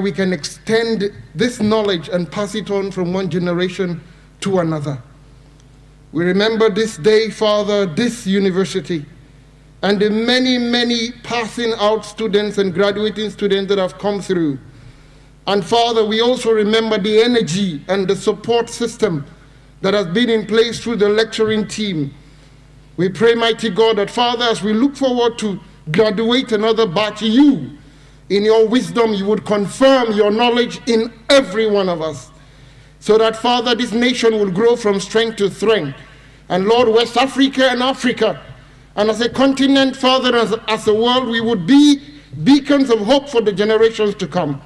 we can extend this knowledge and pass it on from one generation to another. We remember this day, Father, this university, and the many, many passing out students and graduating students that have come through. And Father, we also remember the energy and the support system that has been in place through the lecturing team. We pray, mighty God, that Father, as we look forward to graduate another batch, you in your wisdom, you would confirm your knowledge in every one of us. So that, Father, this nation will grow from strength to strength. And Lord, West Africa and Africa, and as a continent, Father, as, as a world, we would be beacons of hope for the generations to come.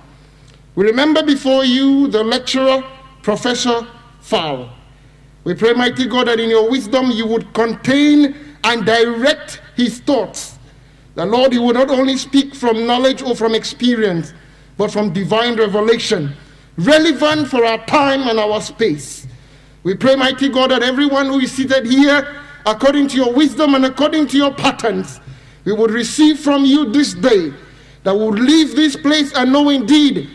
We remember before you the lecturer, Professor Fowl. We pray, mighty God, that in your wisdom you would contain and direct his thoughts that, Lord, you would not only speak from knowledge or from experience, but from divine revelation, relevant for our time and our space. We pray, mighty God, that everyone who is seated here, according to your wisdom and according to your patterns, we would receive from you this day, that we would leave this place and know indeed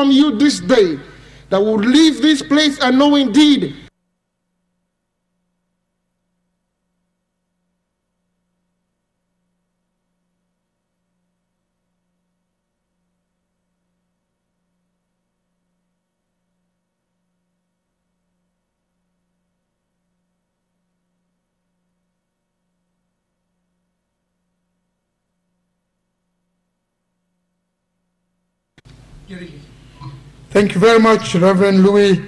from you this day that will leave this place and know indeed Thank you very much, Reverend Louis.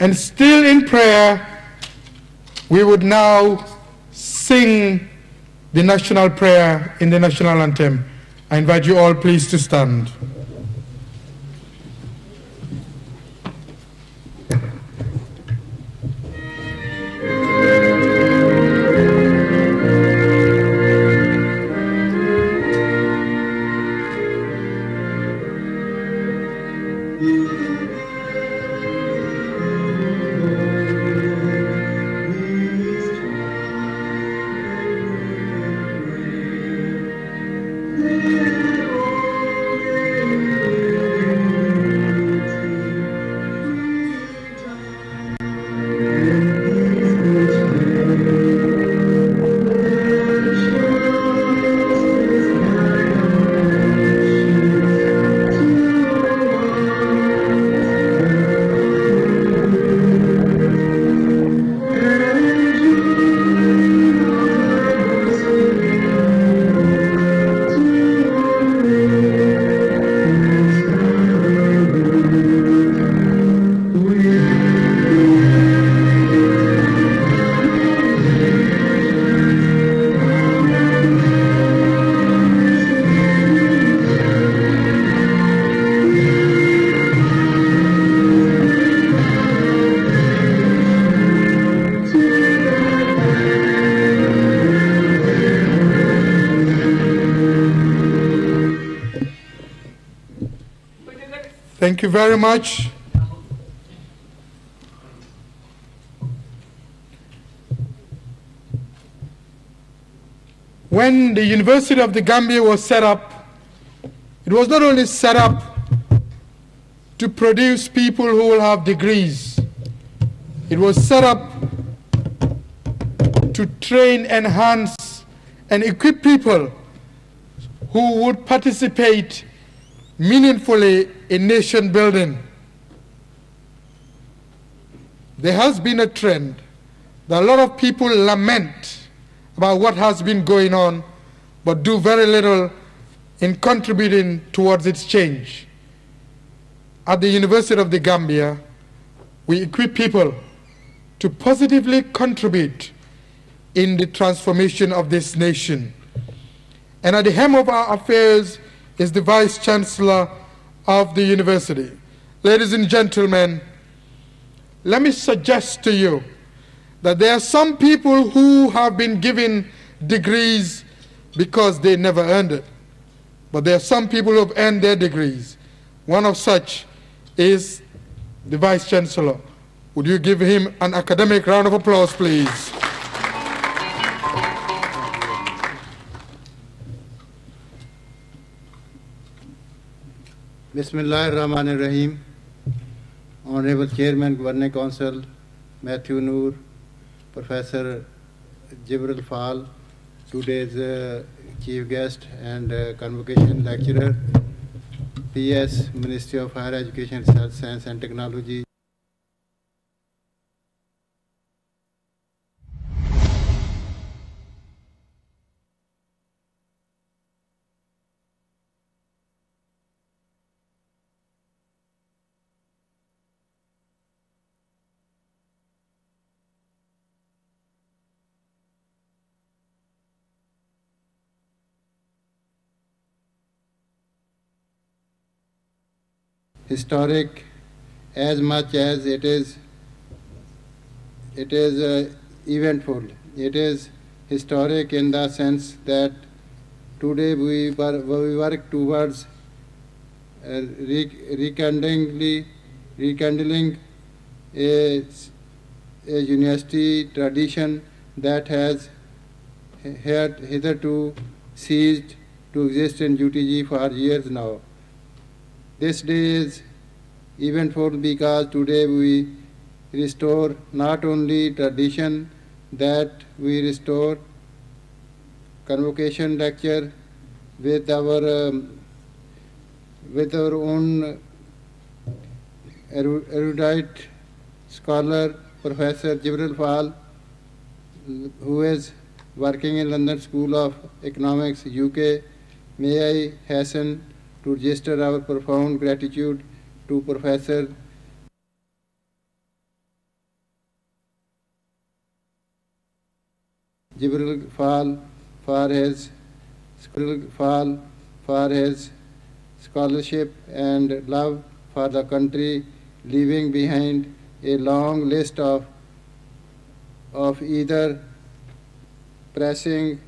And still in prayer, we would now sing the national prayer in the national anthem. I invite you all please to stand. Thank you very much. When the University of the Gambia was set up, it was not only set up to produce people who will have degrees, it was set up to train, enhance, and equip people who would participate meaningfully in nation building. There has been a trend that a lot of people lament about what has been going on, but do very little in contributing towards its change. At the University of the Gambia, we equip people to positively contribute in the transformation of this nation. And at the helm of our affairs is the Vice Chancellor of the University. Ladies and gentlemen, let me suggest to you that there are some people who have been given degrees because they never earned it. But there are some people who have earned their degrees. One of such is the Vice Chancellor. Would you give him an academic round of applause, please? Rahim, Honorable Chairman, Governing Council, Matthew Noor, Professor Jibril Fall, today's uh, chief guest and uh, convocation lecturer, PS, Ministry of Higher Education, Science and Technology, historic as much as it is it is uh, eventful. It is historic in the sense that today we, were, we work towards uh, rekindling, rekindling a, a university tradition that has hitherto ceased to exist in UTG for years now. This day is eventful because today we restore not only tradition that we restore convocation lecture with our um, with our own erudite scholar Professor Jibril Fall, who is working in London School of Economics, UK. May I hasten to register our profound gratitude to Professor Jibril Fall for his Fall for his scholarship and love for the country, leaving behind a long list of of either pressing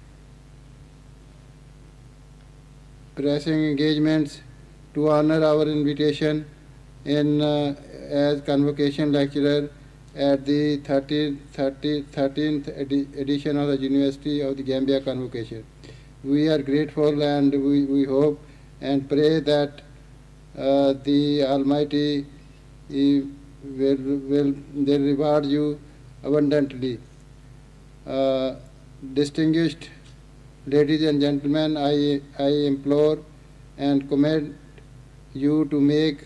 pressing engagements to honor our invitation in uh, as convocation lecturer at the 13th, 13th, edition of the University of the Gambia Convocation. We are grateful and we, we hope and pray that uh, the Almighty will, will, reward you abundantly. Uh, distinguished Ladies and gentlemen, I, I implore and commend you to make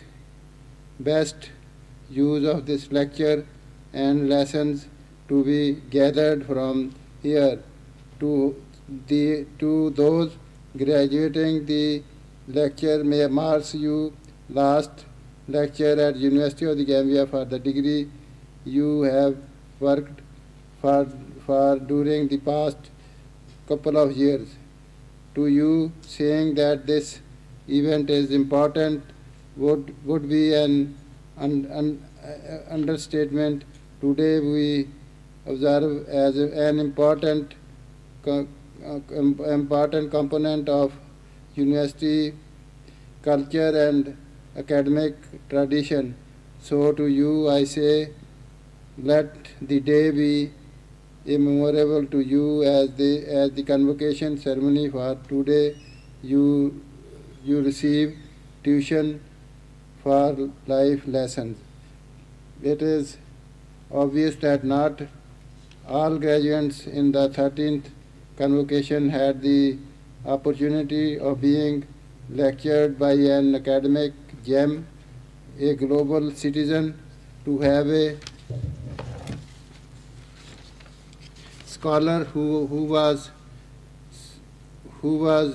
best use of this lecture and lessons to be gathered from here to the to those graduating the lecture may mark you last lecture at University of the Gambia for the degree you have worked for, for during the past couple of years to you saying that this event is important would, would be an uh, understatement. Today we observe as a, an important, co uh, important component of university culture and academic tradition. So to you I say, let the day be memorable to you as the as the convocation ceremony for today you you receive tuition for life lessons it is obvious that not all graduates in the 13th convocation had the opportunity of being lectured by an academic gem a global citizen to have a scholar who, who was who was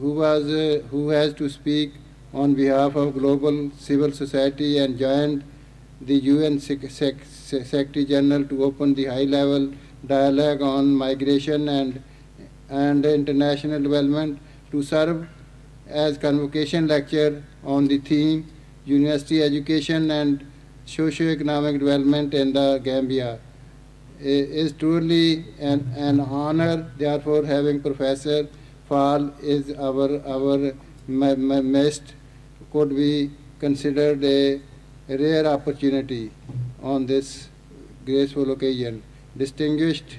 who was uh, who has to speak on behalf of global civil society and joined the UN Sec Sec Secretary General to open the high-level dialogue on migration and and international development to serve as convocation lecturer on the theme University Education and Socio-Economic Development in the Gambia is truly an, an honor. Therefore, having Professor Fall is our, our must could be considered a rare opportunity on this graceful occasion. Distinguished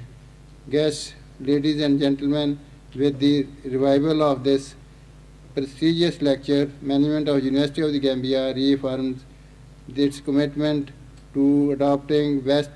guests, ladies and gentlemen, with the revival of this prestigious lecture, Management of University of the Gambia reaffirms its commitment to adopting best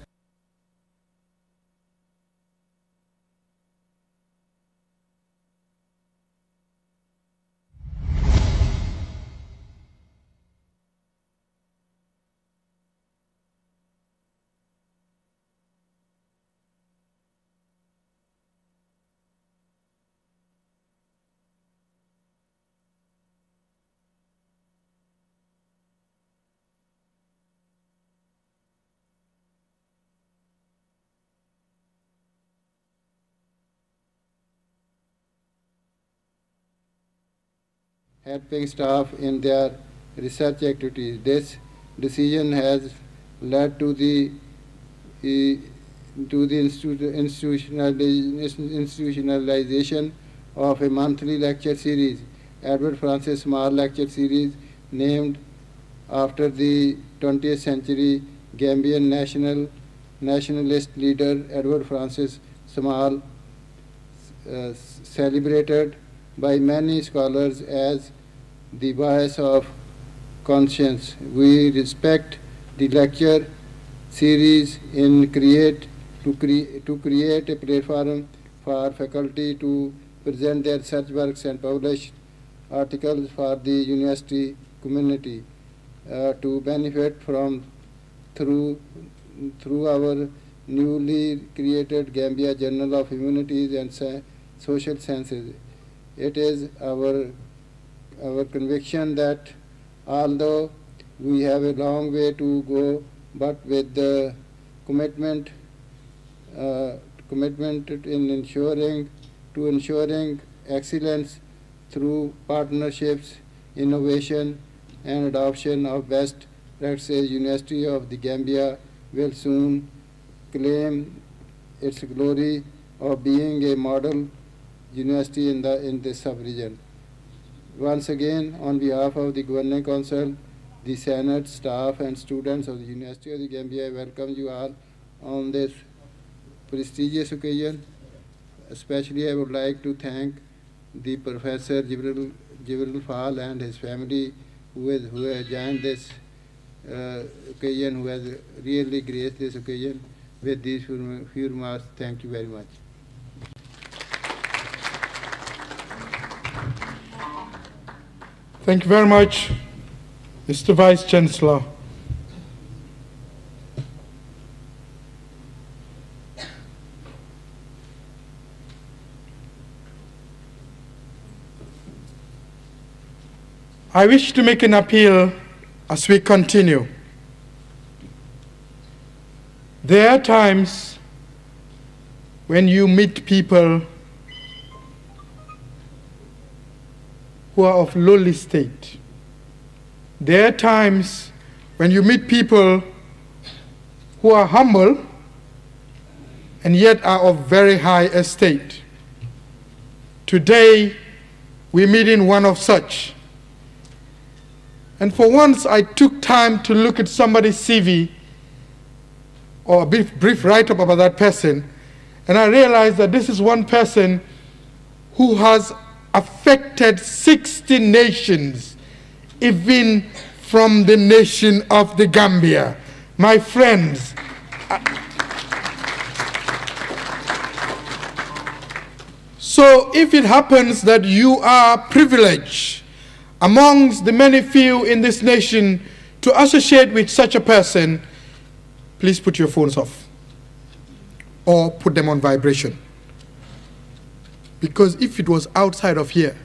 helping staff in their research activities. This decision has led to the to the institutionalization of a monthly lecture series, Edward Francis Marr Lecture Series, named after the 20th century Gambian national nationalist leader Edward Francis Samal uh, celebrated by many scholars as the bias of conscience. We respect the lecture series in create to, cre to create a platform for faculty to present their research works and publish articles for the university community uh, to benefit from through through our newly created Gambia Journal of Humanities and Social Sciences it is our, our conviction that although we have a long way to go, but with the commitment, uh, commitment in ensuring, to ensuring excellence through partnerships, innovation, and adoption of best practices, University of the Gambia will soon claim its glory of being a model university in, the, in this sub-region. Once again, on behalf of the Governing Council, the Senate, staff and students of the University of the Gambia, I welcome you all on this prestigious occasion. Especially I would like to thank the Professor Jibril, Jibril Fall and his family who has, who has joined this uh, occasion, who has really graced this occasion with these few remarks. Thank you very much. Thank you very much, Mr. Vice Chancellor. I wish to make an appeal as we continue. There are times when you meet people who are of lowly state. There are times when you meet people who are humble and yet are of very high estate. Today, we're meeting one of such. And for once, I took time to look at somebody's CV or a brief, brief write up about that person, and I realized that this is one person who has affected 60 nations, even from the nation of the Gambia. My friends, uh, so if it happens that you are privileged amongst the many few in this nation to associate with such a person, please put your phones off or put them on vibration. Because if it was outside of here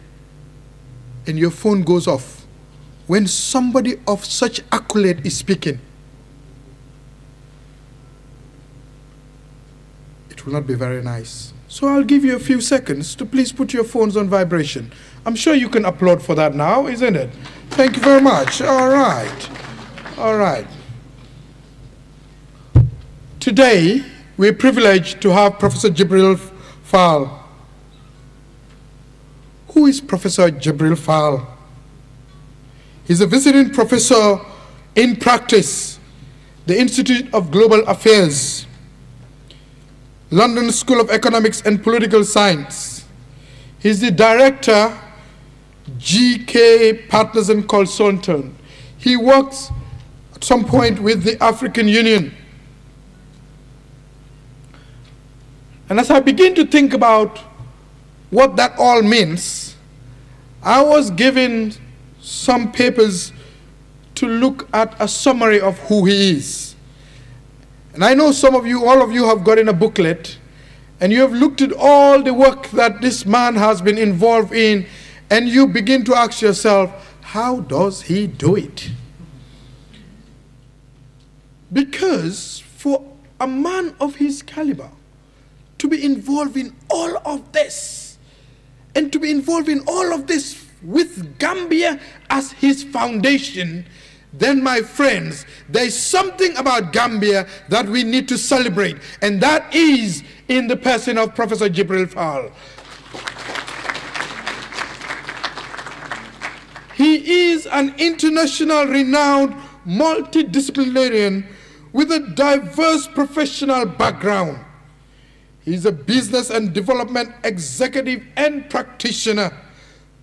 and your phone goes off, when somebody of such accolade is speaking, it will not be very nice. So I'll give you a few seconds to please put your phones on vibration. I'm sure you can applaud for that now, isn't it? Thank you very much. All right. All right. Today, we're privileged to have Professor Jibril Fall who is Professor Jabril Fal? He's a visiting professor in practice, the Institute of Global Affairs, London School of Economics and Political Science. He's the director, GK Partners and Consultant. He works at some point with the African Union. And as I begin to think about what that all means, I was given some papers to look at a summary of who he is. And I know some of you, all of you have gotten a booklet and you have looked at all the work that this man has been involved in and you begin to ask yourself, how does he do it? Because for a man of his caliber to be involved in all of this, and to be involved in all of this with Gambia as his foundation, then, my friends, there is something about Gambia that we need to celebrate, and that is in the person of Professor Jibril Fall. He is an international renowned multidisciplinarian with a diverse professional background He's a business and development executive and practitioner,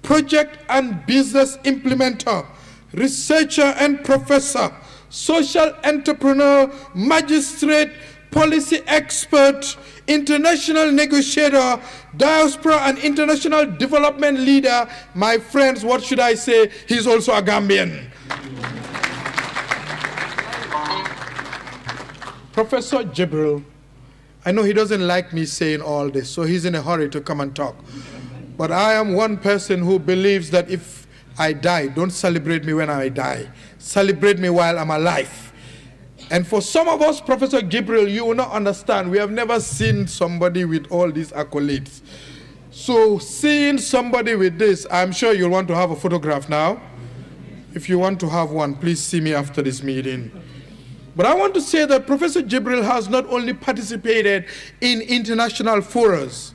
project and business implementer, researcher and professor, social entrepreneur, magistrate, policy expert, international negotiator, diaspora and international development leader. My friends, what should I say? He's also a Gambian. Professor Jibril I know he doesn't like me saying all this, so he's in a hurry to come and talk. But I am one person who believes that if I die, don't celebrate me when I die. Celebrate me while I'm alive. And for some of us, Professor Gabriel, you will not understand. We have never seen somebody with all these accolades. So seeing somebody with this, I'm sure you'll want to have a photograph now. If you want to have one, please see me after this meeting. But I want to say that Professor Jibril has not only participated in international forums,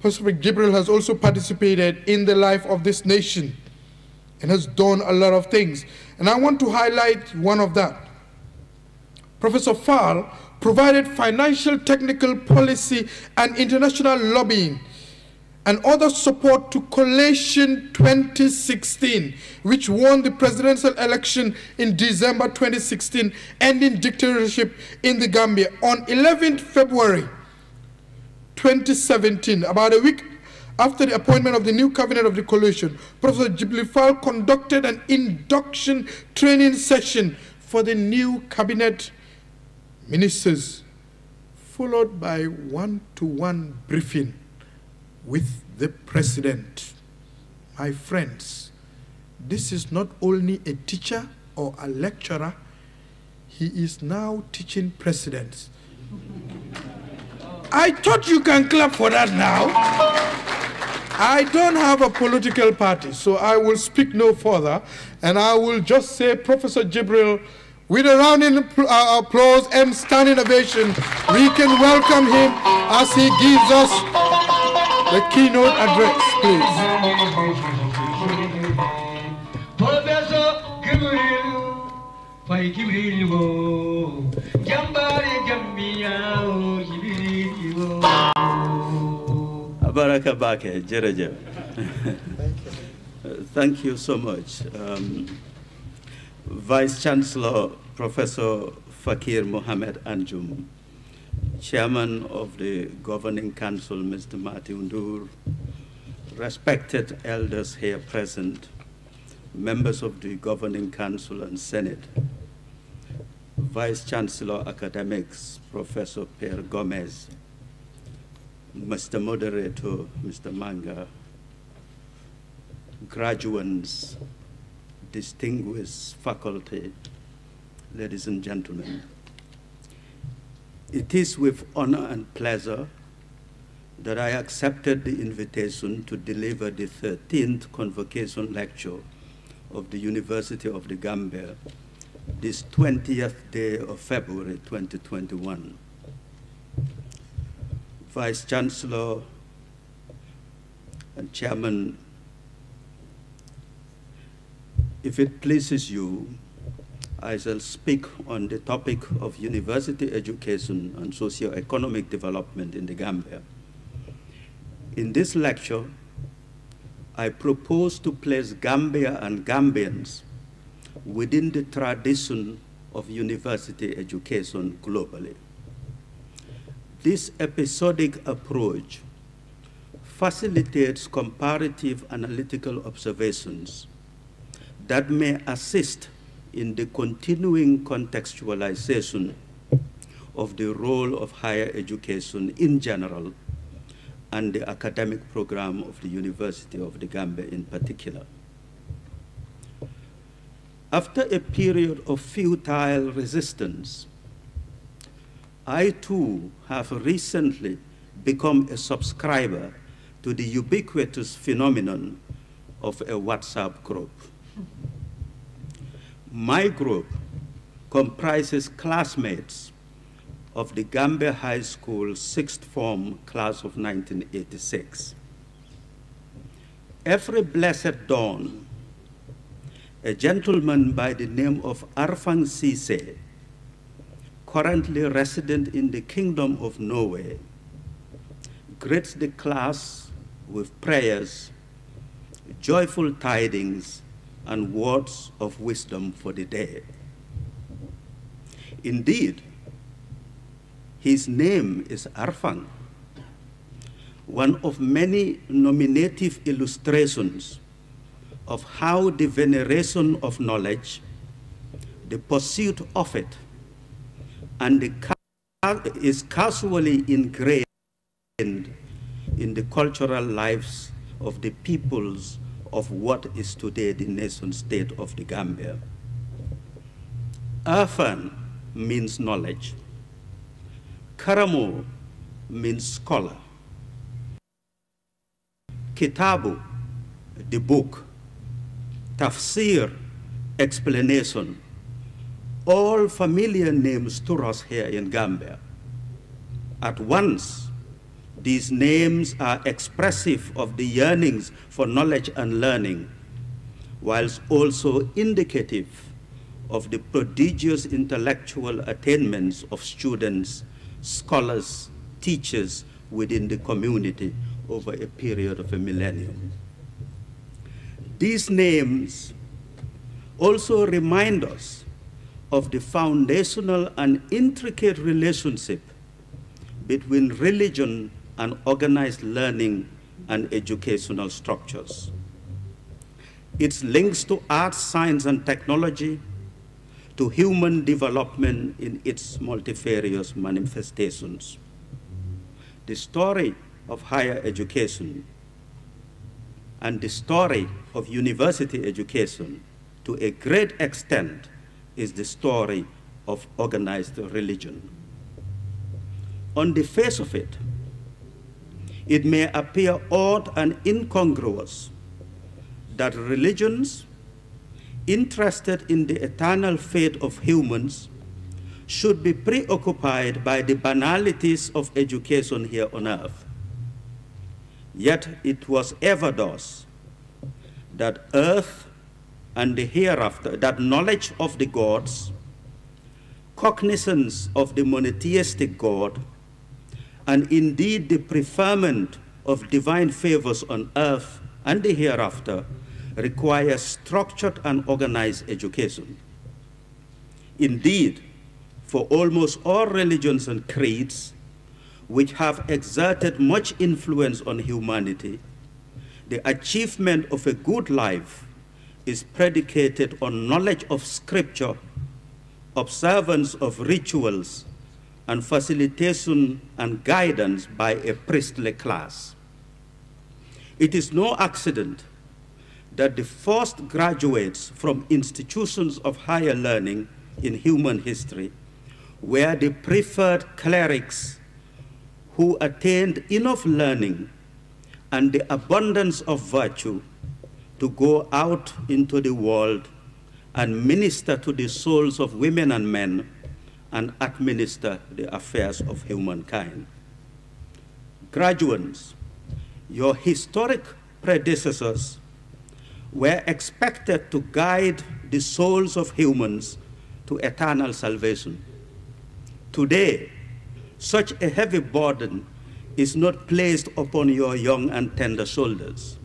Professor Jibril has also participated in the life of this nation and has done a lot of things. And I want to highlight one of that. Professor Fall provided financial, technical, policy, and international lobbying and other support to Coalition 2016, which won the presidential election in December 2016, ending dictatorship in the Gambia. On 11 February 2017, about a week after the appointment of the new cabinet of the coalition, Professor Jiblifal conducted an induction training session for the new cabinet ministers, followed by one-to-one -one briefing with the president. My friends, this is not only a teacher or a lecturer, he is now teaching presidents. I thought you can clap for that now. I don't have a political party, so I will speak no further, and I will just say Professor Jibril, with a round of uh, applause and standing ovation, we can welcome him as he gives us the keynote address, please. Professor Gabriel, Thank you so much. Um, Vice Chancellor Professor Fakir Mohamed Anjum. Chairman of the Governing Council, Mr. Martin Undur, respected elders here present, members of the Governing Council and Senate, Vice Chancellor Academics, Professor Pierre Gomez, Mr. Moderator, Mr. Manga, graduates, distinguished faculty, ladies and gentlemen. It is with honor and pleasure that I accepted the invitation to deliver the 13th convocation lecture of the University of the Gambia this 20th day of February 2021. Vice Chancellor and Chairman, if it pleases you, I shall speak on the topic of university education and socio-economic development in the Gambia. In this lecture, I propose to place Gambia and Gambians within the tradition of university education globally. This episodic approach facilitates comparative analytical observations that may assist in the continuing contextualization of the role of higher education in general and the academic program of the University of the Gambia in particular. After a period of futile resistance, I too have recently become a subscriber to the ubiquitous phenomenon of a WhatsApp group. My group comprises classmates of the Gambia High School sixth form class of 1986. Every blessed dawn, a gentleman by the name of Arfang Sise, currently resident in the Kingdom of Norway, greets the class with prayers, joyful tidings, and words of wisdom for the day. Indeed, his name is Arfan, one of many nominative illustrations of how the veneration of knowledge, the pursuit of it, and the is casually ingrained in the cultural lives of the peoples of what is today the nation state of the Gambia. Afan means knowledge. Karamo means scholar. Kitabu, the book. Tafsir, explanation. All familiar names to us here in Gambia. At once, these names are expressive of the yearnings for knowledge and learning, whilst also indicative of the prodigious intellectual attainments of students, scholars, teachers within the community over a period of a millennium. These names also remind us of the foundational and intricate relationship between religion and organized learning and educational structures. Its links to art, science, and technology, to human development in its multifarious manifestations. The story of higher education and the story of university education to a great extent is the story of organized religion. On the face of it, it may appear odd and incongruous that religions interested in the eternal fate of humans should be preoccupied by the banalities of education here on earth. Yet it was ever thus that earth and the hereafter, that knowledge of the gods, cognizance of the monotheistic God, and indeed the preferment of divine favors on earth and the hereafter requires structured and organized education. Indeed, for almost all religions and creeds, which have exerted much influence on humanity, the achievement of a good life is predicated on knowledge of scripture, observance of rituals, and facilitation and guidance by a priestly class. It is no accident that the first graduates from institutions of higher learning in human history were the preferred clerics who attained enough learning and the abundance of virtue to go out into the world and minister to the souls of women and men and administer the affairs of humankind. Graduates, your historic predecessors were expected to guide the souls of humans to eternal salvation. Today, such a heavy burden is not placed upon your young and tender shoulders,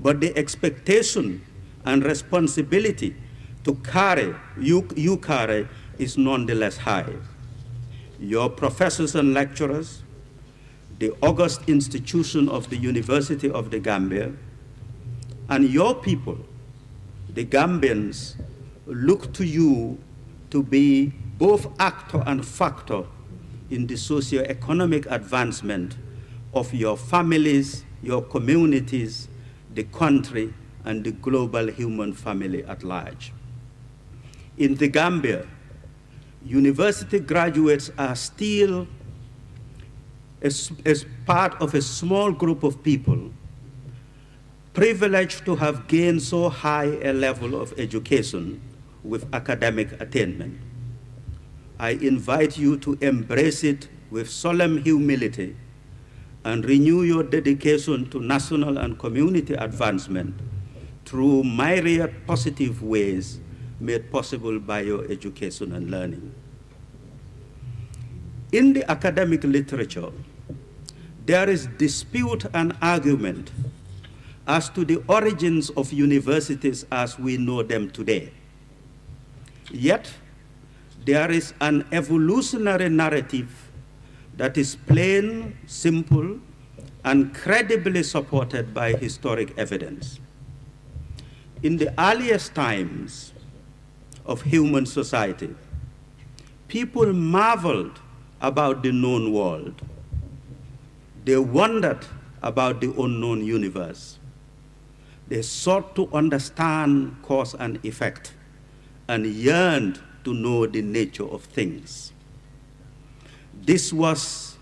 but the expectation and responsibility to carry, you, you carry is nonetheless high. Your professors and lecturers, the august institution of the University of the Gambia, and your people, the Gambians, look to you to be both actor and factor in the socio-economic advancement of your families, your communities, the country, and the global human family at large. In the Gambia, university graduates are still as, as part of a small group of people privileged to have gained so high a level of education with academic attainment. I invite you to embrace it with solemn humility and renew your dedication to national and community advancement through myriad positive ways made possible by your education and learning. In the academic literature, there is dispute and argument as to the origins of universities as we know them today. Yet, there is an evolutionary narrative that is plain, simple, and credibly supported by historic evidence. In the earliest times, of human society. People marveled about the known world. They wondered about the unknown universe. They sought to understand cause and effect and yearned to know the nature of things. This was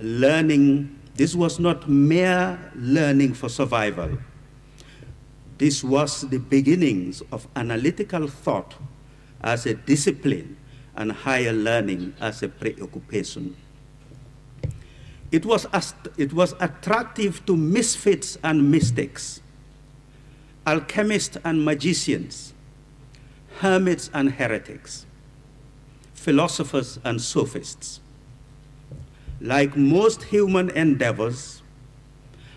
learning, this was not mere learning for survival this was the beginnings of analytical thought as a discipline and higher learning as a preoccupation. It was, it was attractive to misfits and mystics, alchemists and magicians, hermits and heretics, philosophers and sophists. Like most human endeavors,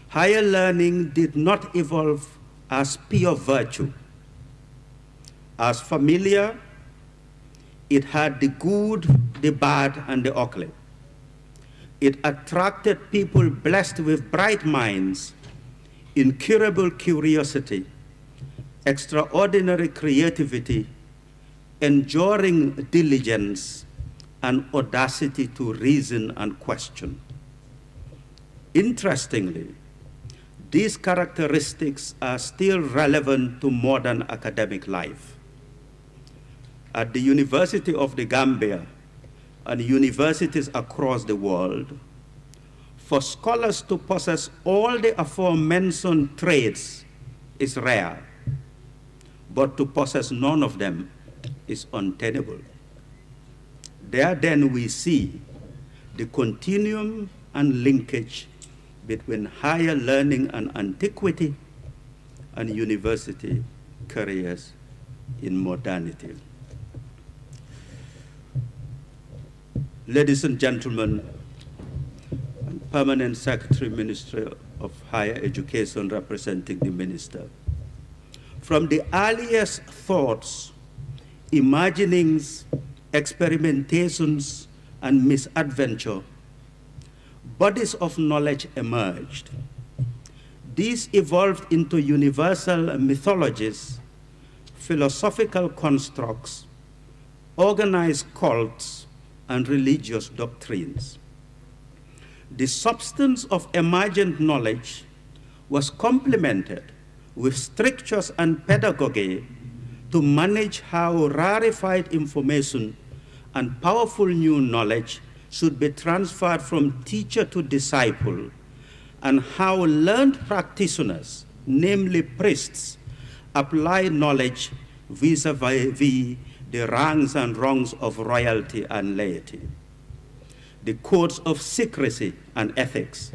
higher learning did not evolve as pure virtue. As familiar, it had the good, the bad, and the ugly. It attracted people blessed with bright minds, incurable curiosity, extraordinary creativity, enduring diligence, and audacity to reason and question. Interestingly, these characteristics are still relevant to modern academic life. At the University of the Gambia and universities across the world, for scholars to possess all the aforementioned traits is rare, but to possess none of them is untenable. There then we see the continuum and linkage between higher learning and antiquity and university careers in modernity. Ladies and gentlemen, Permanent Secretary Ministry of Higher Education representing the Minister. From the earliest thoughts, imaginings, experimentations, and misadventure bodies of knowledge emerged. These evolved into universal mythologies, philosophical constructs, organized cults, and religious doctrines. The substance of emergent knowledge was complemented with strictures and pedagogy to manage how rarefied information and powerful new knowledge should be transferred from teacher to disciple, and how learned practitioners, namely priests, apply knowledge vis a vis the wrongs and wrongs of royalty and laity. The codes of secrecy and ethics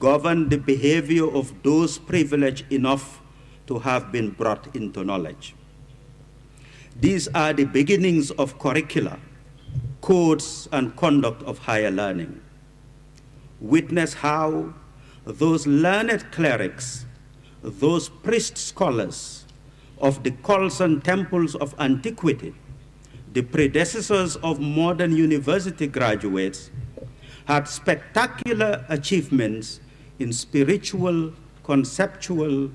govern the behavior of those privileged enough to have been brought into knowledge. These are the beginnings of curricula codes and conduct of higher learning. Witness how those learned clerics, those priest scholars of the cults and temples of antiquity, the predecessors of modern university graduates, had spectacular achievements in spiritual, conceptual,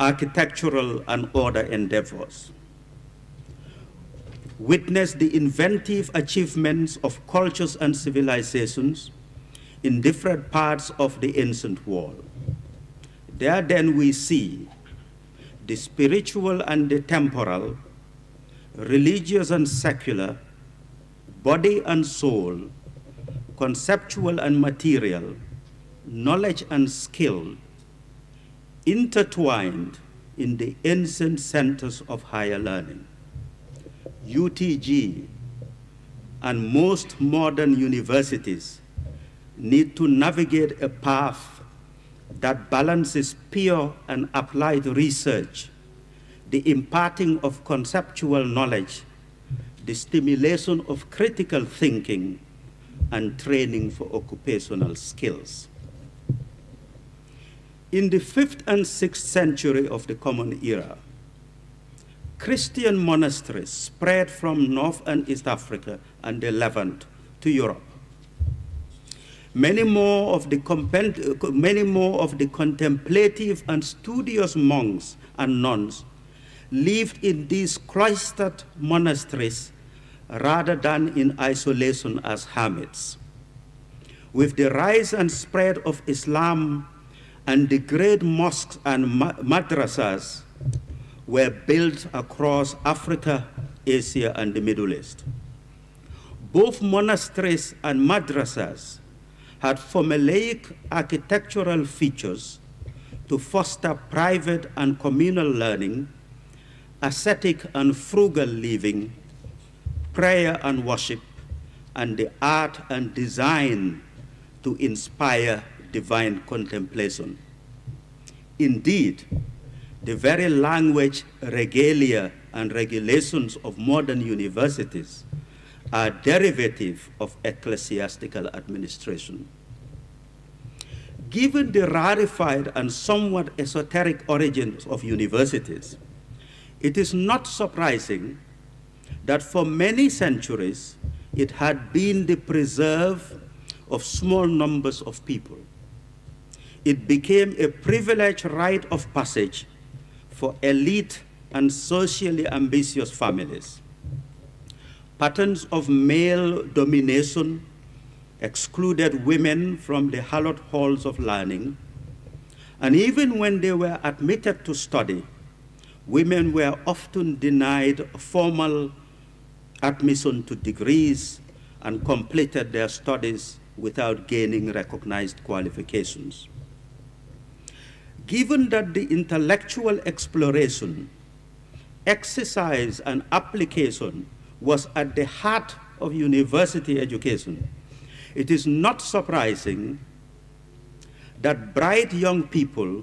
architectural, and other endeavors. Witness the inventive achievements of cultures and civilizations in different parts of the ancient world. There then we see the spiritual and the temporal, religious and secular, body and soul, conceptual and material, knowledge and skill intertwined in the ancient centers of higher learning. UTG, and most modern universities need to navigate a path that balances pure and applied research, the imparting of conceptual knowledge, the stimulation of critical thinking, and training for occupational skills. In the 5th and 6th century of the Common Era, Christian monasteries spread from North and East Africa and the Levant to Europe. Many more, of the many more of the contemplative and studious monks and nuns lived in these cloistered monasteries rather than in isolation as hermits. With the rise and spread of Islam and the great mosques and madrasas, were built across Africa, Asia, and the Middle East. Both monasteries and madrasas had formulaic architectural features to foster private and communal learning, ascetic and frugal living, prayer and worship, and the art and design to inspire divine contemplation. Indeed, the very language regalia and regulations of modern universities are derivative of ecclesiastical administration. Given the rarefied and somewhat esoteric origins of universities, it is not surprising that for many centuries it had been the preserve of small numbers of people. It became a privileged rite of passage for elite and socially ambitious families. Patterns of male domination excluded women from the hallowed halls of learning, and even when they were admitted to study, women were often denied formal admission to degrees and completed their studies without gaining recognized qualifications. Given that the intellectual exploration, exercise, and application was at the heart of university education, it is not surprising that bright young people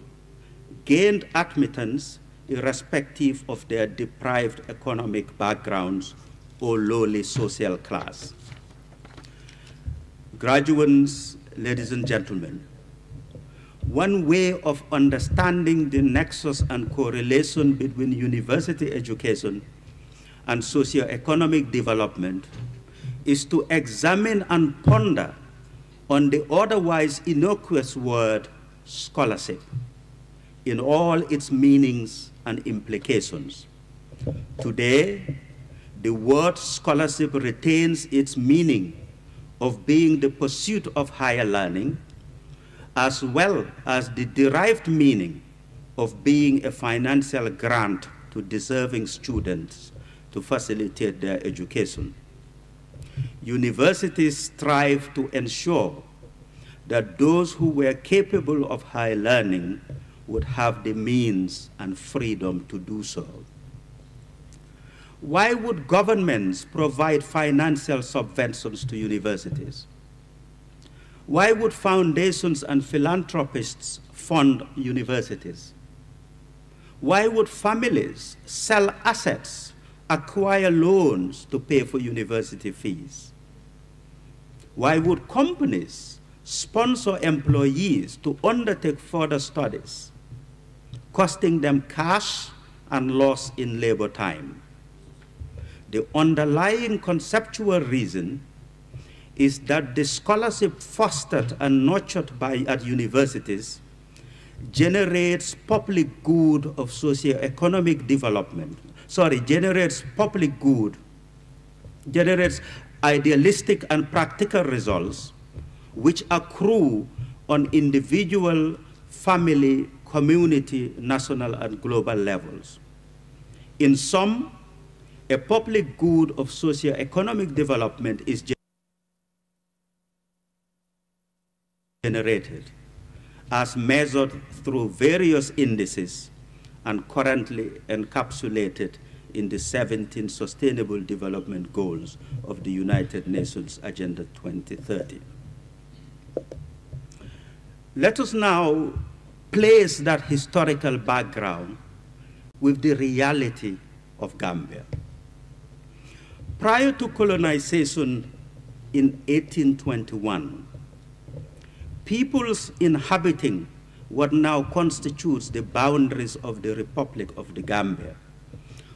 gained admittance irrespective of their deprived economic backgrounds or lowly social class. Graduates, ladies and gentlemen, one way of understanding the nexus and correlation between university education and socio-economic development is to examine and ponder on the otherwise innocuous word scholarship in all its meanings and implications. Today, the word scholarship retains its meaning of being the pursuit of higher learning as well as the derived meaning of being a financial grant to deserving students to facilitate their education. Universities strive to ensure that those who were capable of high learning would have the means and freedom to do so. Why would governments provide financial subventions to universities? Why would foundations and philanthropists fund universities? Why would families sell assets, acquire loans to pay for university fees? Why would companies sponsor employees to undertake further studies, costing them cash and loss in labor time? The underlying conceptual reason is that the scholarship fostered and nurtured by at universities generates public good of socio-economic development. Sorry, generates public good, generates idealistic and practical results which accrue on individual, family, community, national, and global levels. In sum, a public good of socio-economic development is generated as measured through various indices and currently encapsulated in the 17 Sustainable Development Goals of the United Nations Agenda 2030. Let us now place that historical background with the reality of Gambia. Prior to colonization in 1821, peoples inhabiting what now constitutes the boundaries of the Republic of the Gambia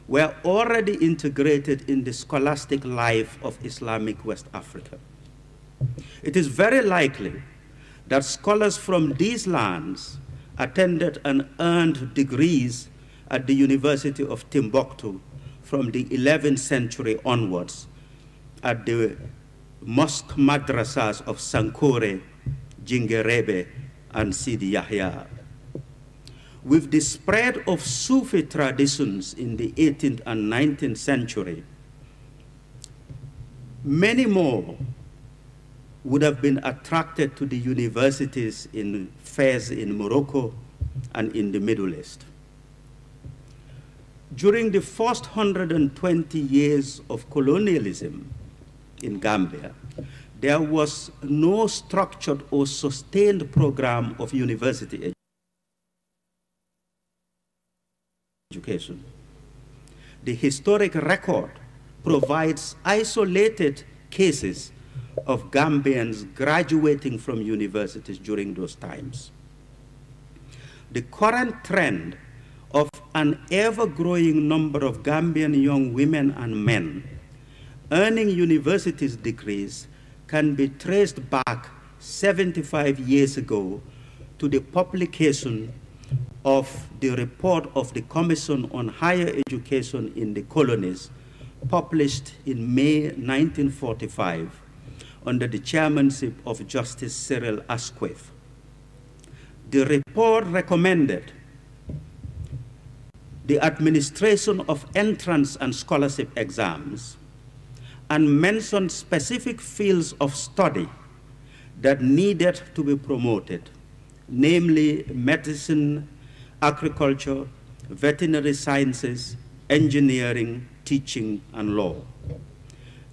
were already integrated in the scholastic life of Islamic West Africa. It is very likely that scholars from these lands attended and earned degrees at the University of Timbuktu from the 11th century onwards at the mosque madrasas of Sankore Jingerebe, and Sidi Yahya. With the spread of Sufi traditions in the 18th and 19th century, many more would have been attracted to the universities in Fez in Morocco and in the Middle East. During the first 120 years of colonialism in Gambia, there was no structured or sustained program of university education. The historic record provides isolated cases of Gambians graduating from universities during those times. The current trend of an ever-growing number of Gambian young women and men earning universities degrees can be traced back 75 years ago to the publication of the report of the Commission on Higher Education in the Colonies, published in May 1945 under the chairmanship of Justice Cyril Asquith. The report recommended the administration of entrance and scholarship exams and mentioned specific fields of study that needed to be promoted, namely medicine, agriculture, veterinary sciences, engineering, teaching, and law.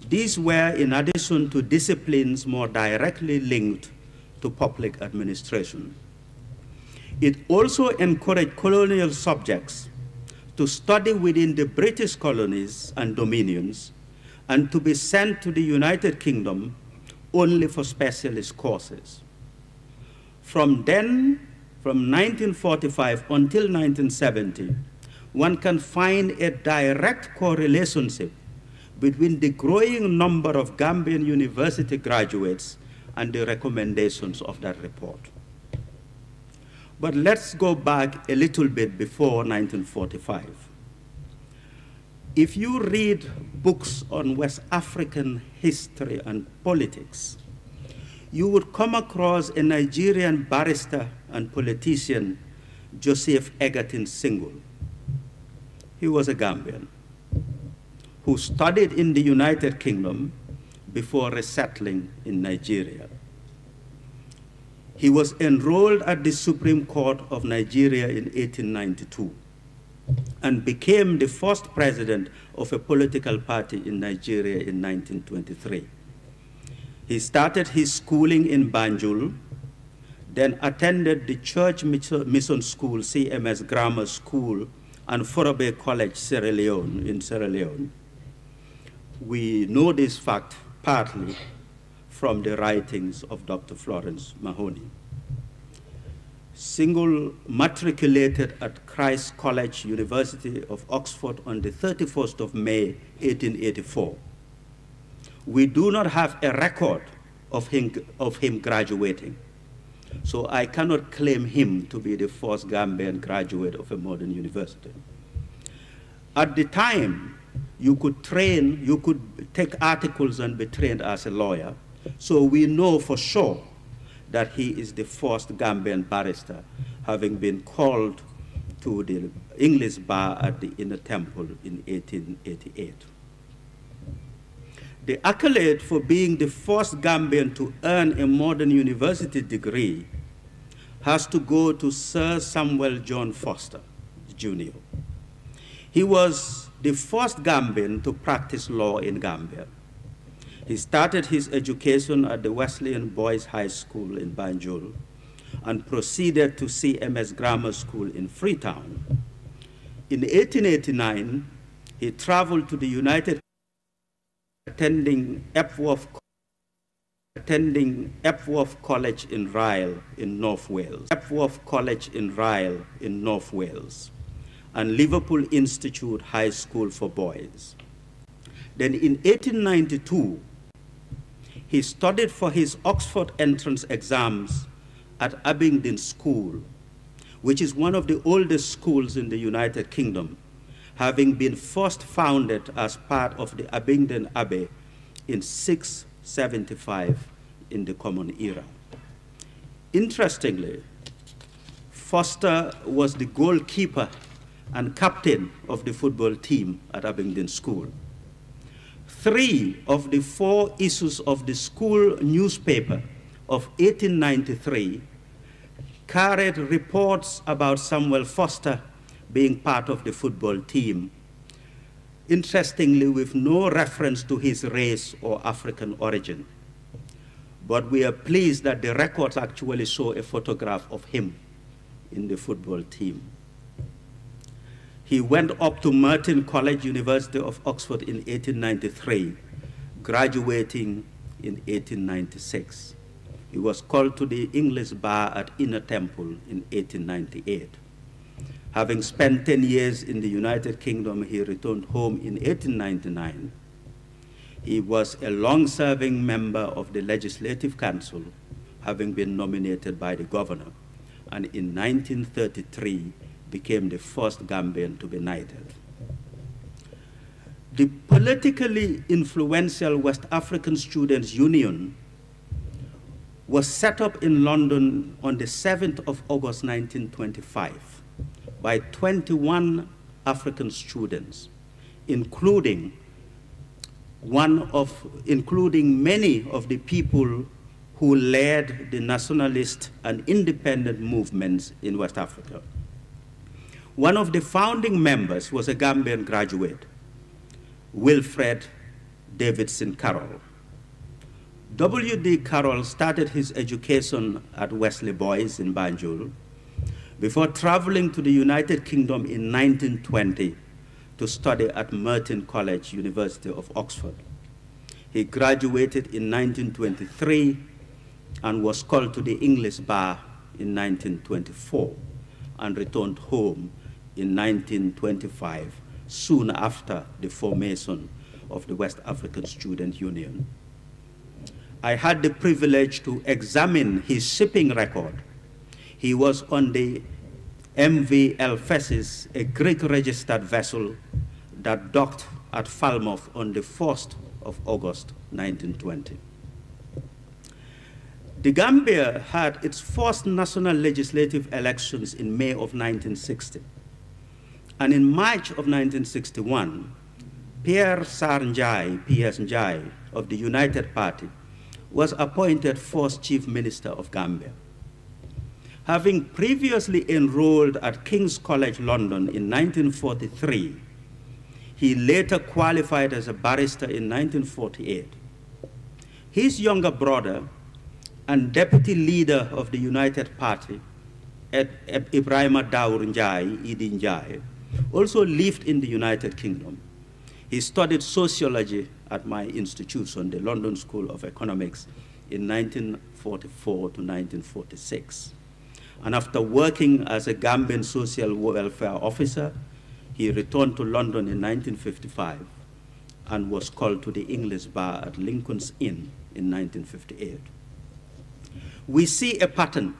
These were in addition to disciplines more directly linked to public administration. It also encouraged colonial subjects to study within the British colonies and dominions and to be sent to the United Kingdom only for specialist courses. From then, from 1945 until 1970, one can find a direct correlation between the growing number of Gambian university graduates and the recommendations of that report. But let's go back a little bit before 1945. If you read books on West African history and politics, you would come across a Nigerian barrister and politician, Joseph Egerton Singul. He was a Gambian who studied in the United Kingdom before resettling in Nigeria. He was enrolled at the Supreme Court of Nigeria in 1892 and became the first president of a political party in Nigeria in 1923. He started his schooling in Banjul, then attended the Church Mission School, CMS Grammar School, and Forobe College, Sierra Leone, in Sierra Leone. We know this fact partly from the writings of Dr. Florence Mahoney single matriculated at Christ College, University of Oxford on the 31st of May, 1884. We do not have a record of him, of him graduating. So I cannot claim him to be the first Gambian graduate of a modern university. At the time, you could train, you could take articles and be trained as a lawyer. So we know for sure that he is the first Gambian barrister having been called to the English bar at the Inner Temple in 1888. The accolade for being the first Gambian to earn a modern university degree has to go to Sir Samuel John Foster, Jr. He was the first Gambian to practice law in Gambia. He started his education at the Wesleyan Boys High School in Banjul and proceeded to CMS Grammar School in Freetown. In 1889, he traveled to the United attending Epworth, attending Epworth College in Ryle in North Wales, Epworth College in Ryle in North Wales, and Liverpool Institute High School for Boys. Then in 1892, he studied for his Oxford entrance exams at Abingdon School, which is one of the oldest schools in the United Kingdom, having been first founded as part of the Abingdon Abbey in 675 in the Common Era. Interestingly, Foster was the goalkeeper and captain of the football team at Abingdon School three of the four issues of the school newspaper of 1893 carried reports about Samuel Foster being part of the football team, interestingly with no reference to his race or African origin. But we are pleased that the records actually show a photograph of him in the football team. He went up to Merton College, University of Oxford in 1893, graduating in 1896. He was called to the English bar at Inner Temple in 1898. Having spent 10 years in the United Kingdom, he returned home in 1899. He was a long-serving member of the Legislative Council, having been nominated by the governor. And in 1933, became the first Gambian to be knighted. The politically influential West African Students' Union was set up in London on the 7th of August 1925 by 21 African students, including one of, including many of the people who led the nationalist and independent movements in West Africa. One of the founding members was a Gambian graduate, Wilfred Davidson Carroll. W.D. Carroll started his education at Wesley Boys in Banjul before traveling to the United Kingdom in 1920 to study at Merton College, University of Oxford. He graduated in 1923 and was called to the English bar in 1924 and returned home in 1925, soon after the formation of the West African Student Union. I had the privilege to examine his shipping record. He was on the MV Elphesis, a Greek registered vessel that docked at Falmouth on the 1st of August 1920. The Gambia had its first national legislative elections in May of 1960. And in March of 1961, Pierre Sarnjai, P.S. of the United Party, was appointed first Chief Minister of Gambia. Having previously enrolled at King's College London in 1943, he later qualified as a barrister in 1948. His younger brother and deputy leader of the United Party, Ibrahima Daur Njai, Idi Njai, also lived in the United Kingdom. He studied sociology at my institution, the London School of Economics, in 1944 to 1946. And after working as a Gambian social welfare officer, he returned to London in 1955 and was called to the English bar at Lincoln's Inn in 1958. We see a pattern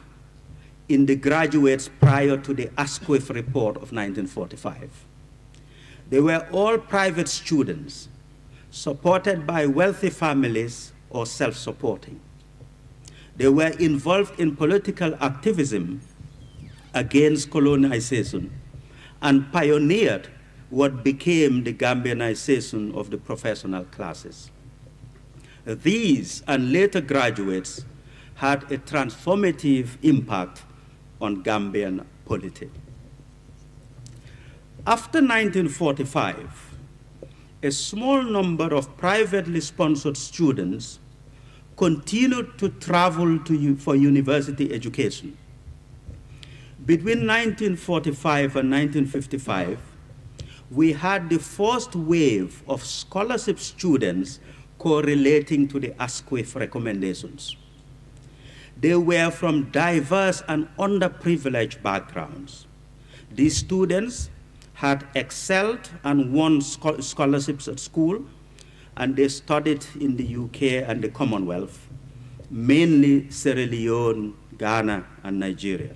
in the graduates prior to the Asquith report of 1945. They were all private students, supported by wealthy families or self-supporting. They were involved in political activism against colonization and pioneered what became the Gambianization of the professional classes. These and later graduates had a transformative impact on Gambian polity. After 1945, a small number of privately sponsored students continued to travel to, for university education. Between 1945 and 1955, we had the first wave of scholarship students correlating to the ASQIF recommendations. They were from diverse and underprivileged backgrounds. These students had excelled and won scholarships at school, and they studied in the UK and the Commonwealth, mainly Sierra Leone, Ghana, and Nigeria.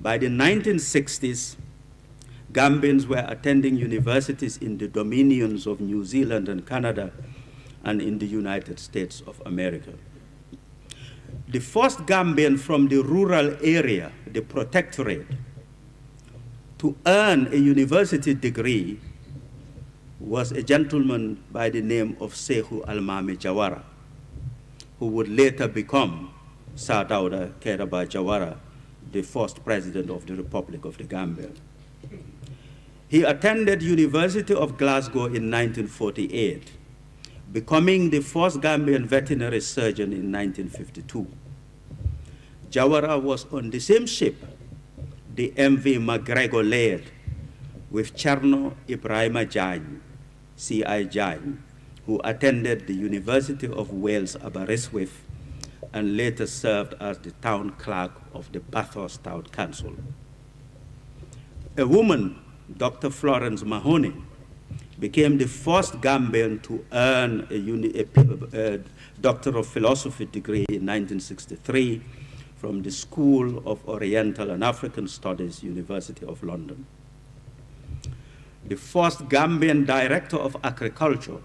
By the 1960s, Gambians were attending universities in the dominions of New Zealand and Canada and in the United States of America the first Gambian from the rural area, the protectorate, to earn a university degree was a gentleman by the name of Sehu Almami Jawara, who would later become Sadauda Keraba Jawara, the first president of the Republic of the Gambia. He attended University of Glasgow in 1948 becoming the first Gambian veterinary surgeon in 1952. Jawara was on the same ship the MV MacGregor led with Cherno Ibrahima Jain, C.I. Jain, who attended the University of Wales, Aberystwyth, and later served as the town clerk of the Bathurst Town Council. A woman, Dr. Florence Mahoney, became the first Gambian to earn a, uni, a, a Doctor of Philosophy degree in 1963 from the School of Oriental and African Studies, University of London. The first Gambian Director of Agriculture,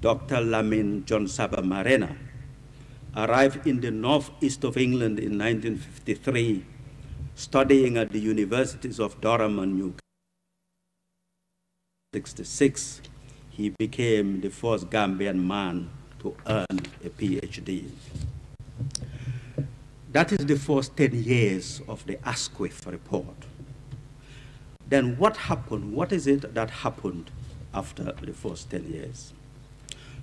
Dr. Lamin John Saba Marena, arrived in the northeast of England in 1953, studying at the universities of Durham and Newcastle. 1966, he became the first Gambian man to earn a PhD. That is the first 10 years of the Asquith report. Then what happened? What is it that happened after the first 10 years?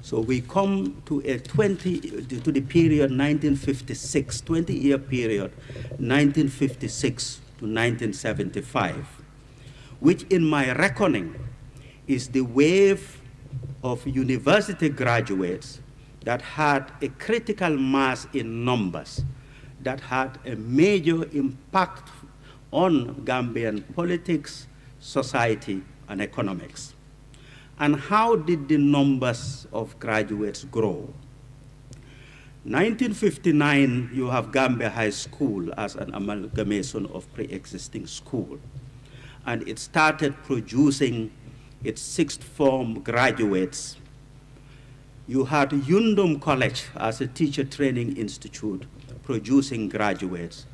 So we come to a 20, to the period 1956, 20 year period, 1956 to 1975, which in my reckoning is the wave of university graduates that had a critical mass in numbers that had a major impact on Gambian politics, society, and economics. And how did the numbers of graduates grow? 1959, you have Gambia High School as an amalgamation of pre-existing school. And it started producing its sixth form graduates. You had Yundum College as a teacher training institute producing graduates.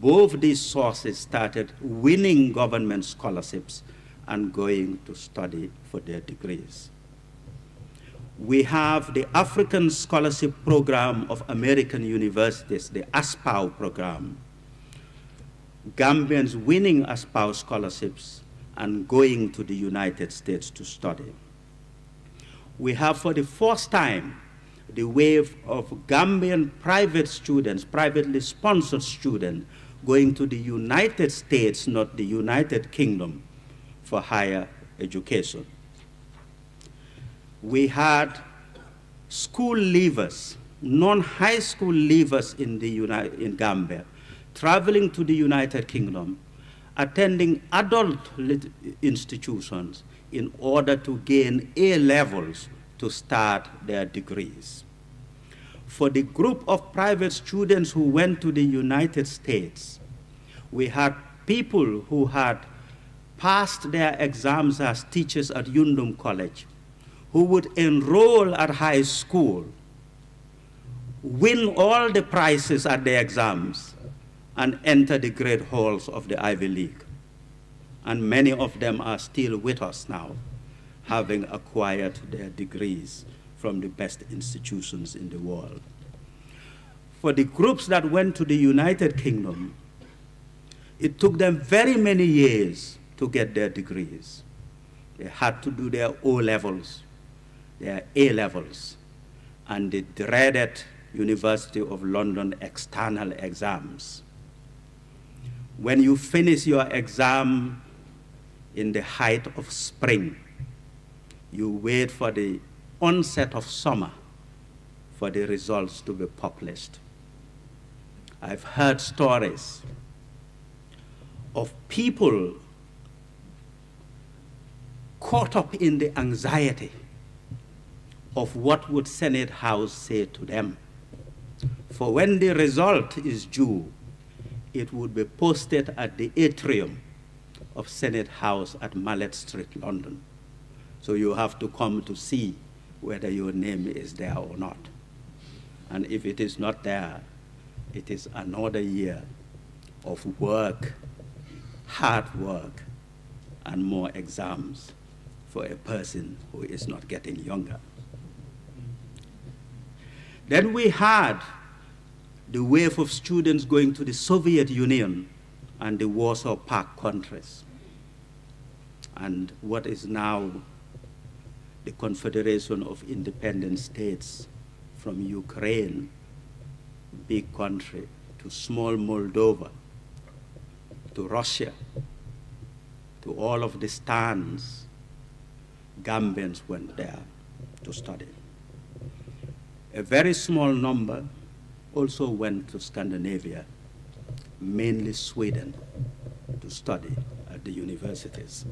Both these sources started winning government scholarships and going to study for their degrees. We have the African Scholarship Program of American Universities, the ASPAU program. Gambians winning ASPAU scholarships and going to the United States to study. We have for the first time the wave of Gambian private students, privately sponsored students, going to the United States, not the United Kingdom, for higher education. We had school leavers, non-high school leavers in, the in Gambia, traveling to the United Kingdom attending adult institutions in order to gain A levels to start their degrees. For the group of private students who went to the United States, we had people who had passed their exams as teachers at Yundum College, who would enroll at high school, win all the prizes at the exams, and enter the great halls of the Ivy League. And many of them are still with us now, having acquired their degrees from the best institutions in the world. For the groups that went to the United Kingdom, it took them very many years to get their degrees. They had to do their O levels, their A levels, and the dreaded University of London external exams when you finish your exam in the height of spring, you wait for the onset of summer for the results to be published. I've heard stories of people caught up in the anxiety of what would Senate House say to them. For when the result is due, it would be posted at the atrium of Senate House at Mallet Street, London. So you have to come to see whether your name is there or not. And if it is not there, it is another year of work, hard work, and more exams for a person who is not getting younger. Then we had the wave of students going to the Soviet Union and the Warsaw Pact countries, and what is now the Confederation of Independent States from Ukraine, big country, to small Moldova, to Russia, to all of the stands, Gambians went there to study. A very small number also went to Scandinavia, mainly Sweden, to study at the universities.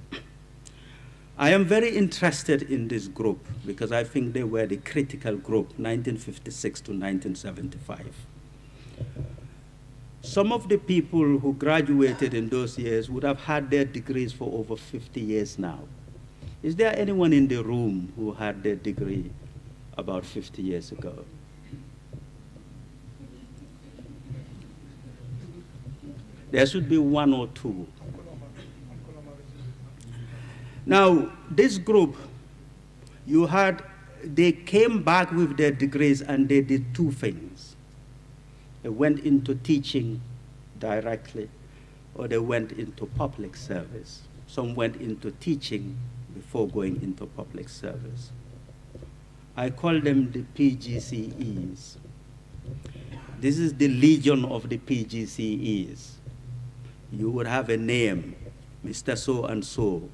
I am very interested in this group because I think they were the critical group, 1956 to 1975. Some of the people who graduated in those years would have had their degrees for over 50 years now. Is there anyone in the room who had their degree about 50 years ago? There should be one or two. Now, this group, you had, they came back with their degrees and they did two things. They went into teaching directly, or they went into public service. Some went into teaching before going into public service. I call them the PGCEs. This is the legion of the PGCEs you would have a name, Mr. So-and-so,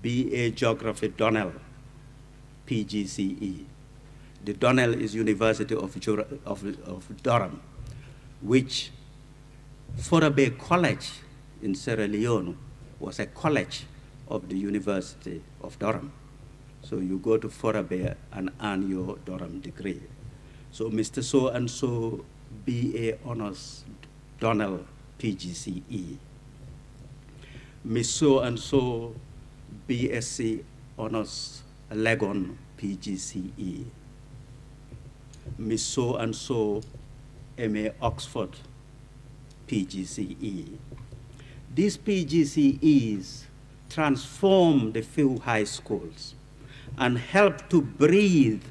B.A. Geography Donnell, PGCE. The Donnell is University of, of, of Durham, which Forabay College in Sierra Leone was a college of the University of Durham. So you go to Forabay and earn your Durham degree. So Mr. So-and-so, BA Honors Donnell PGCE. Miss so and so BSc honors Legon PGCE. Miss so and so MA Oxford PGCE. These PGCEs transform the few high schools and help to breathe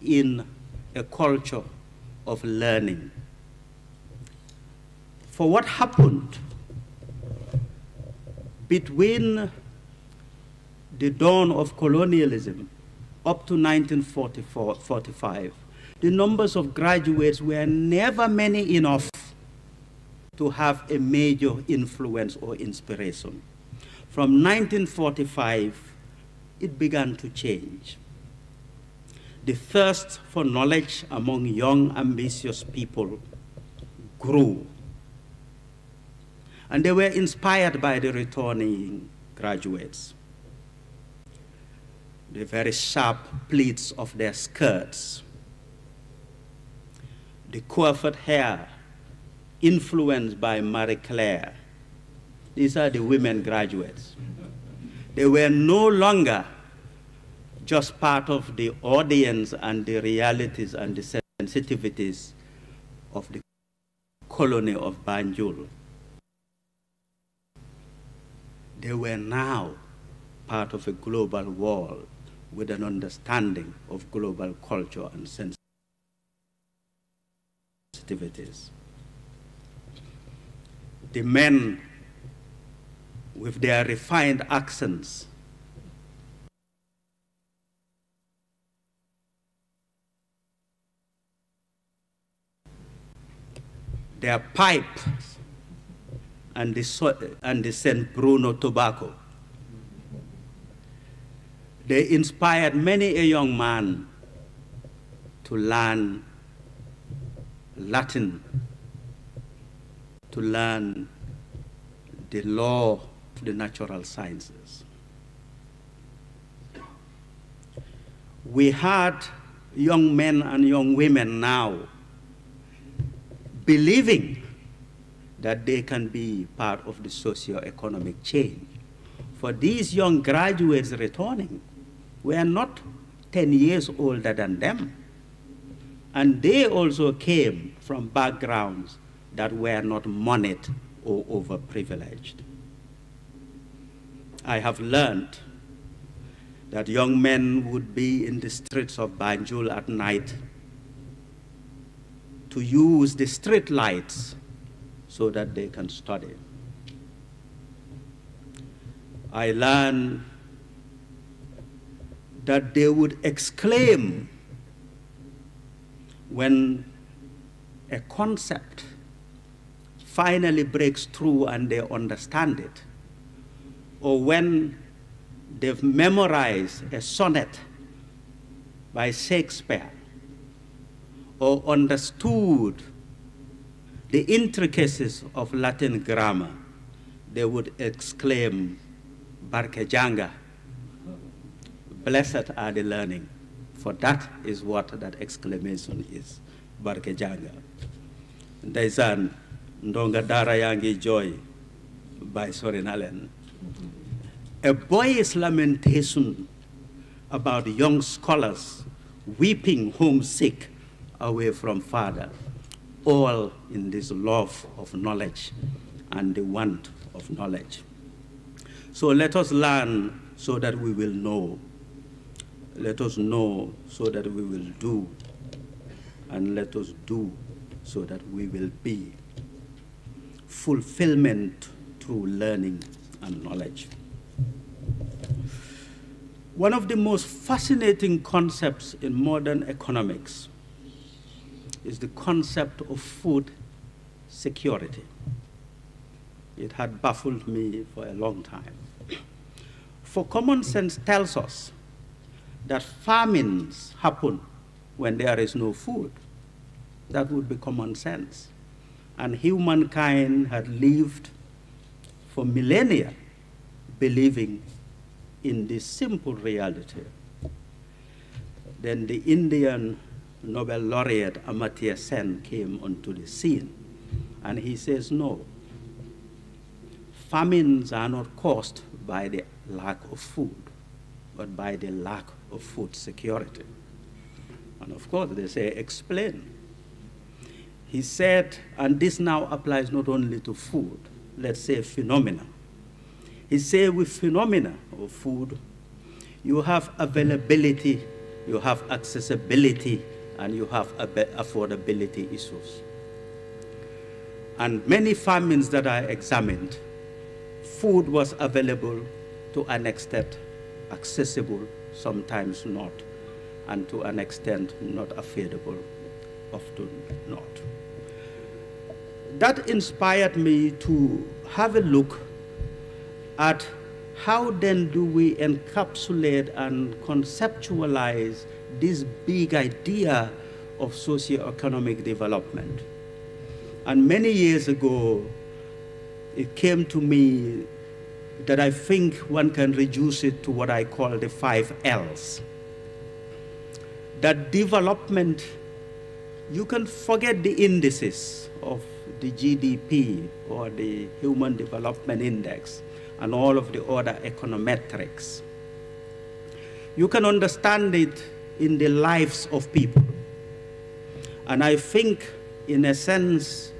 in a culture of learning for what happened between the dawn of colonialism up to 1945. The numbers of graduates were never many enough to have a major influence or inspiration. From 1945, it began to change. The thirst for knowledge among young, ambitious people grew and they were inspired by the returning graduates. The very sharp pleats of their skirts, the coiffed hair influenced by Marie Claire. These are the women graduates. They were no longer just part of the audience and the realities and the sensitivities of the colony of Banjul. They were now part of a global world with an understanding of global culture and sensitivities. The men, with their refined accents, their pipes and the, and the St. Bruno tobacco. They inspired many a young man to learn Latin, to learn the law of the natural sciences. We had young men and young women now believing that they can be part of the socio-economic change. For these young graduates returning, we are not 10 years older than them. And they also came from backgrounds that were not moneyed or overprivileged. I have learned that young men would be in the streets of Banjul at night to use the street lights so that they can study. I learned that they would exclaim when a concept finally breaks through and they understand it, or when they've memorized a sonnet by Shakespeare, or understood the intricacies of Latin grammar, they would exclaim, Barkejanga, blessed are the learning, for that is what that exclamation is, Barkejanga. There's an Ndonga Yangi Joy by Sorin Allen. A boy's lamentation about young scholars weeping homesick away from father all in this love of knowledge and the want of knowledge. So let us learn so that we will know. Let us know so that we will do. And let us do so that we will be. Fulfillment through learning and knowledge. One of the most fascinating concepts in modern economics is the concept of food security. It had baffled me for a long time. For common sense tells us that famines happen when there is no food. That would be common sense. And humankind had lived for millennia believing in this simple reality. Then the Indian Nobel laureate Amartya Sen came onto the scene. And he says, no, famines are not caused by the lack of food, but by the lack of food security. And of course, they say, explain. He said, and this now applies not only to food, let's say phenomena. He said, with phenomena of food, you have availability, you have accessibility, and you have affordability issues. And many famines that I examined, food was available to an extent accessible, sometimes not, and to an extent not affordable, often not. That inspired me to have a look at how then do we encapsulate and conceptualize this big idea of socio-economic development. And many years ago, it came to me that I think one can reduce it to what I call the five L's. That development, you can forget the indices of the GDP or the Human Development Index and all of the other econometrics. You can understand it in the lives of people. And I think, in a sense,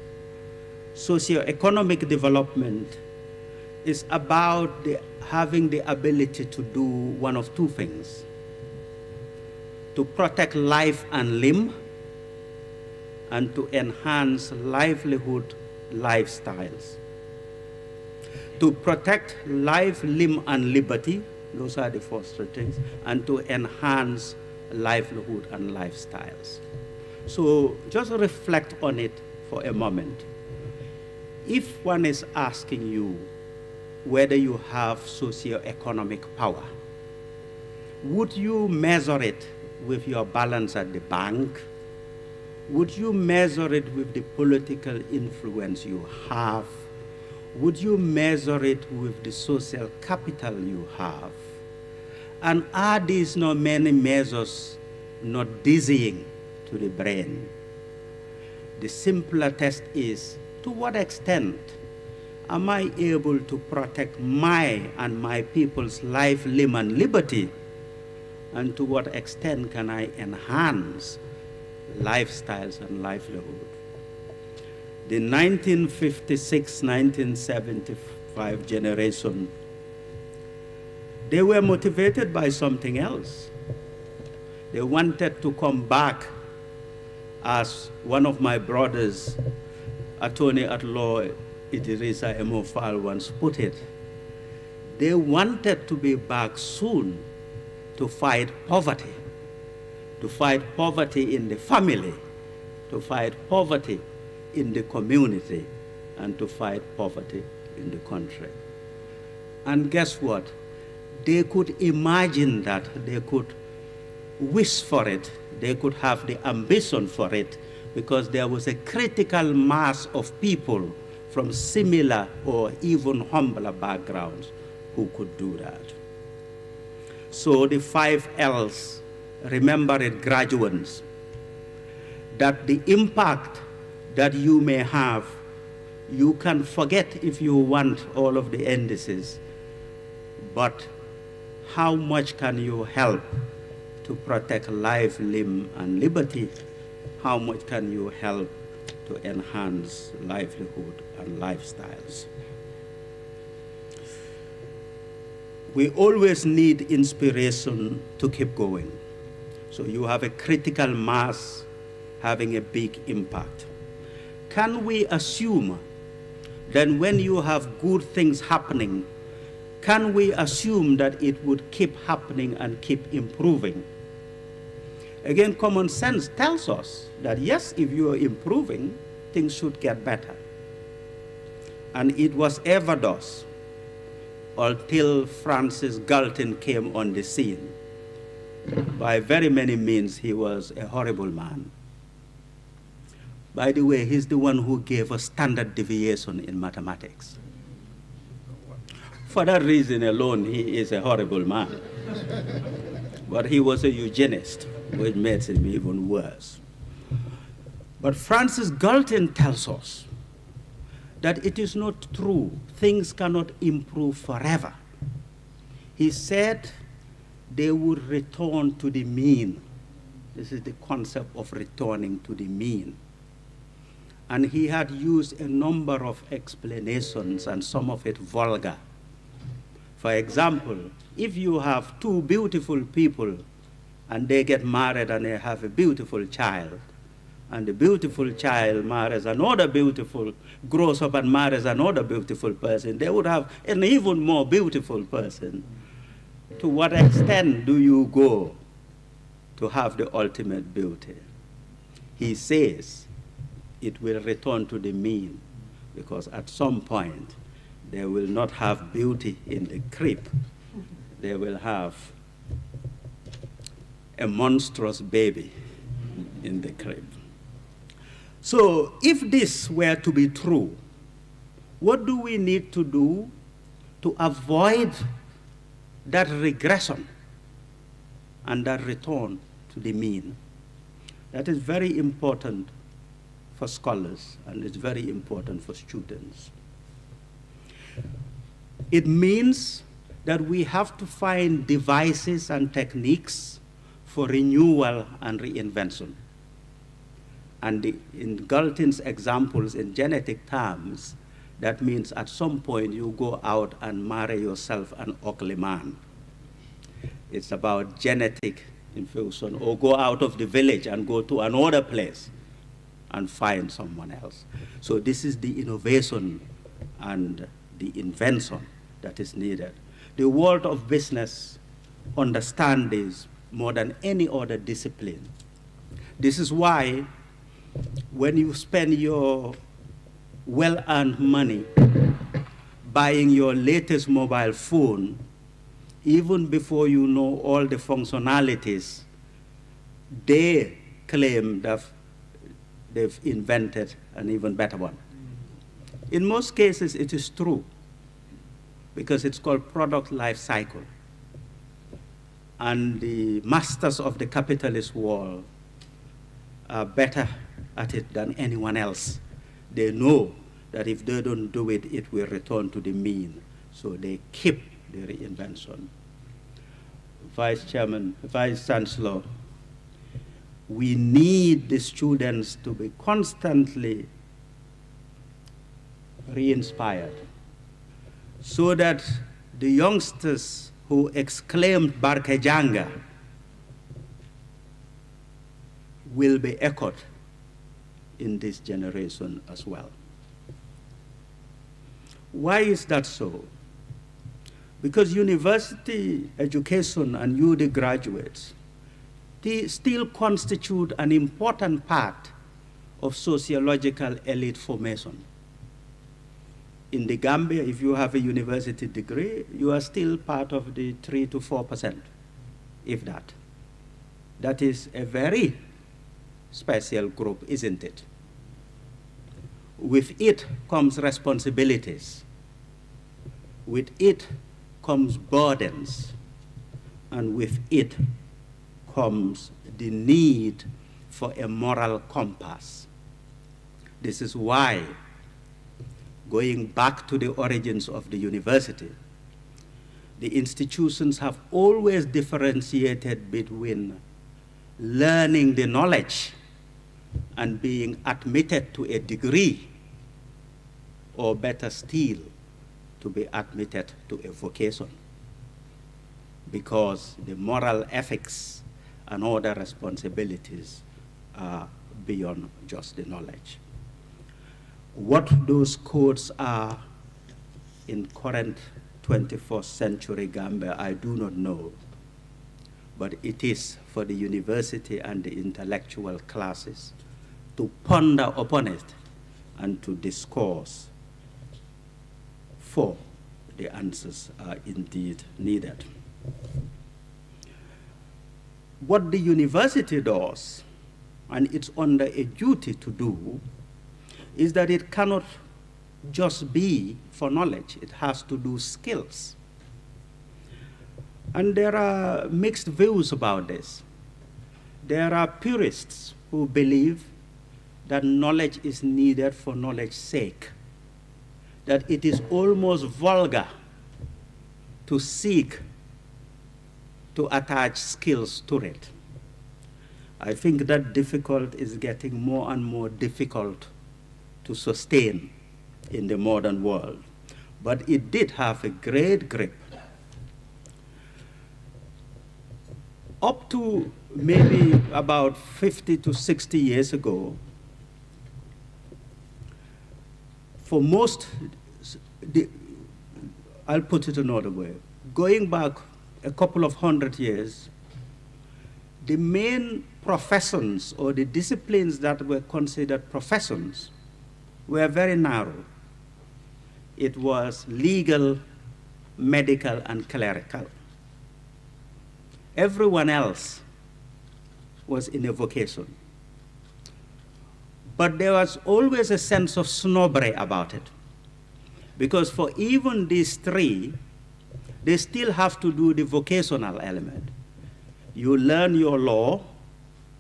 socioeconomic development is about the, having the ability to do one of two things to protect life and limb, and to enhance livelihood lifestyles. To protect life, limb, and liberty, those are the first three things, and to enhance livelihood and lifestyles. So just reflect on it for a moment. If one is asking you whether you have socio-economic power, would you measure it with your balance at the bank? Would you measure it with the political influence you have? Would you measure it with the social capital you have? And are these not many measures not dizzying to the brain? The simpler test is, to what extent am I able to protect my and my people's life, limb, and liberty? And to what extent can I enhance lifestyles and livelihood? The 1956-1975 generation they were motivated by something else. They wanted to come back as one of my brothers, attorney at law Idrissa Emofal once put it. They wanted to be back soon to fight poverty, to fight poverty in the family, to fight poverty in the community, and to fight poverty in the country. And guess what? they could imagine that, they could wish for it, they could have the ambition for it, because there was a critical mass of people from similar or even humbler backgrounds who could do that. So the five L's, remember it, graduates, that the impact that you may have, you can forget if you want all of the indices, but how much can you help to protect life, limb, and liberty? How much can you help to enhance livelihood and lifestyles? We always need inspiration to keep going. So you have a critical mass having a big impact. Can we assume then when you have good things happening can we assume that it would keep happening and keep improving? Again, common sense tells us that yes, if you are improving, things should get better. And it was ever thus until Francis Galton came on the scene. By very many means, he was a horrible man. By the way, he's the one who gave us standard deviation in mathematics for that reason alone, he is a horrible man. but he was a eugenist, which makes him even worse. But Francis Galton tells us that it is not true. Things cannot improve forever. He said they would return to the mean. This is the concept of returning to the mean. And he had used a number of explanations, and some of it vulgar, for example, if you have two beautiful people and they get married and they have a beautiful child, and the beautiful child marries another beautiful, grows up and marries another beautiful person, they would have an even more beautiful person. To what extent do you go to have the ultimate beauty? He says it will return to the mean because at some point they will not have beauty in the crib. They will have a monstrous baby in the crib. So if this were to be true, what do we need to do to avoid that regression and that return to the mean? That is very important for scholars and it's very important for students. It means that we have to find devices and techniques for renewal and reinvention. And the, in Galton's examples in genetic terms, that means at some point you go out and marry yourself an ugly man. It's about genetic infusion, or go out of the village and go to another place and find someone else. So this is the innovation and the invention that is needed. The world of business understands this more than any other discipline. This is why when you spend your well-earned money buying your latest mobile phone, even before you know all the functionalities, they claim that they've invented an even better one. In most cases, it is true because it's called product life cycle. And the masters of the capitalist world are better at it than anyone else. They know that if they don't do it, it will return to the mean. So they keep their invention. Vice Chairman, Vice Chancellor, we need the students to be constantly re-inspired so that the youngsters who exclaimed Barkejanga will be echoed in this generation as well. Why is that so? Because university education and UD graduates still constitute an important part of sociological elite formation in the Gambia, if you have a university degree, you are still part of the 3 to 4%, if that. That is a very special group, isn't it? With it comes responsibilities. With it comes burdens. And with it comes the need for a moral compass. This is why going back to the origins of the university, the institutions have always differentiated between learning the knowledge and being admitted to a degree, or better still, to be admitted to a vocation. Because the moral ethics and other responsibilities are beyond just the knowledge what those codes are in current 21st century Gambia, I do not know. But it is for the university and the intellectual classes to ponder upon it and to discourse. For the answers are indeed needed. What the university does, and it's under a duty to do, is that it cannot just be for knowledge. It has to do skills. And there are mixed views about this. There are purists who believe that knowledge is needed for knowledge's sake, that it is almost vulgar to seek to attach skills to it. I think that difficult is getting more and more difficult to sustain in the modern world. But it did have a great grip. Up to maybe about 50 to 60 years ago, for most, the, I'll put it another way, going back a couple of hundred years, the main professions or the disciplines that were considered professions were very narrow. It was legal, medical, and clerical. Everyone else was in a vocation. But there was always a sense of snobbery about it. Because for even these three, they still have to do the vocational element. You learn your law,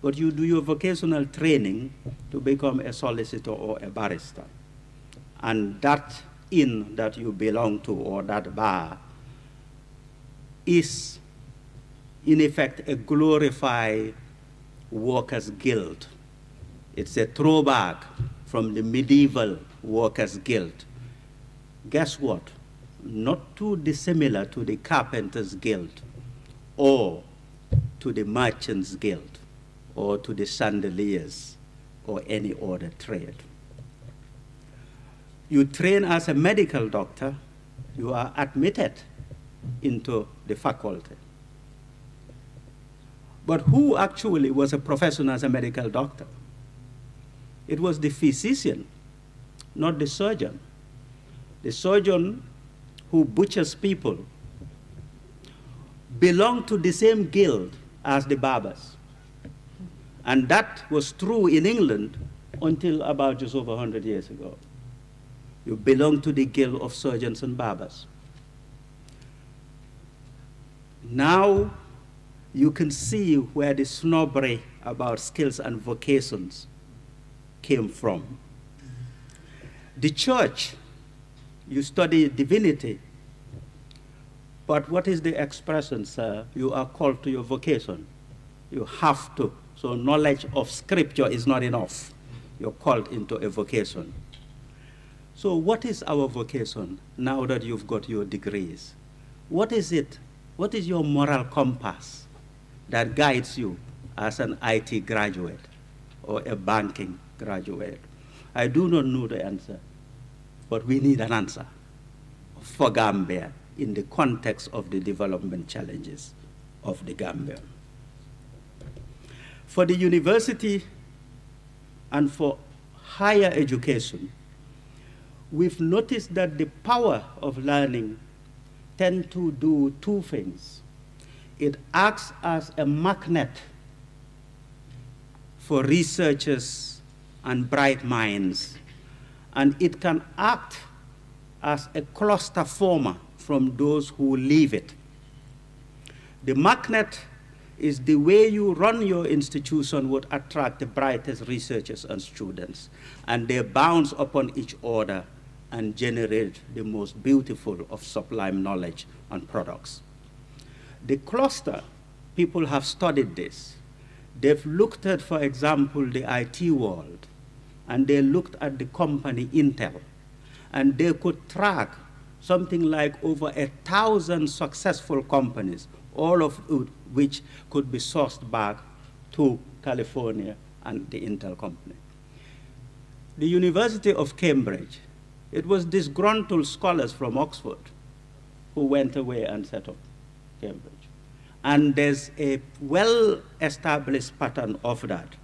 but you do your vocational training to become a solicitor or a barrister. And that inn that you belong to or that bar is in effect a glorified workers' guild. It's a throwback from the medieval workers' guild. Guess what? Not too dissimilar to the carpenters' guild or to the merchants' guild or to the chandeliers or any other trade. You train as a medical doctor, you are admitted into the faculty. But who actually was a professional as a medical doctor? It was the physician, not the surgeon. The surgeon who butchers people belonged to the same guild as the barbers. And that was true in England until about just over 100 years ago. You belong to the guild of surgeons and barbers. Now you can see where the snobbery about skills and vocations came from. The church, you study divinity, but what is the expression, sir? You are called to your vocation. You have to so knowledge of scripture is not enough. You're called into a vocation. So what is our vocation now that you've got your degrees? What is it? What is your moral compass that guides you as an IT graduate or a banking graduate? I do not know the answer, but we need an answer for Gambia in the context of the development challenges of the Gambia for the university and for higher education, we've noticed that the power of learning tend to do two things. It acts as a magnet for researchers and bright minds, and it can act as a cluster former from those who leave it. The magnet is the way you run your institution would attract the brightest researchers and students, and they bounce upon each other and generate the most beautiful of sublime knowledge and products. The cluster, people have studied this. They've looked at, for example, the IT world, and they looked at the company Intel, and they could track something like over a thousand successful companies all of which could be sourced back to California and the Intel company. The University of Cambridge, it was disgruntled scholars from Oxford who went away and set up Cambridge. And there's a well-established pattern of that.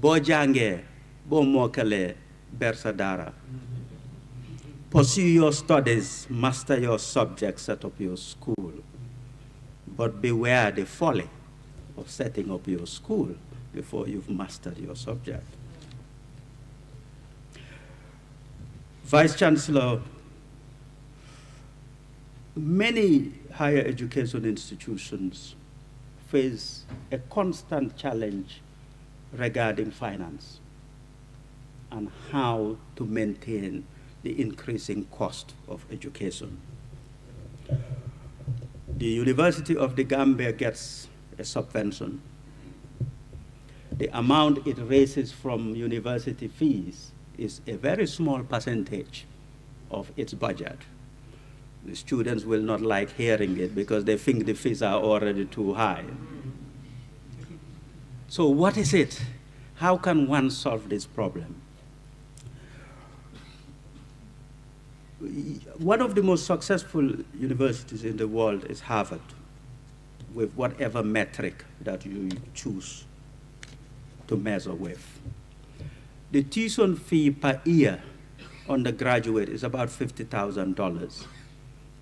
Bojange, mokale, Bersadara. Pursue your studies, master your subjects, set up your school. But beware the folly of setting up your school before you've mastered your subject. Vice Chancellor, many higher education institutions face a constant challenge regarding finance and how to maintain the increasing cost of education the University of the Gambia gets a subvention. The amount it raises from university fees is a very small percentage of its budget. The students will not like hearing it because they think the fees are already too high. So what is it? How can one solve this problem? one of the most successful universities in the world is Harvard, with whatever metric that you choose to measure with. The tuition fee per year undergraduate is about $50,000,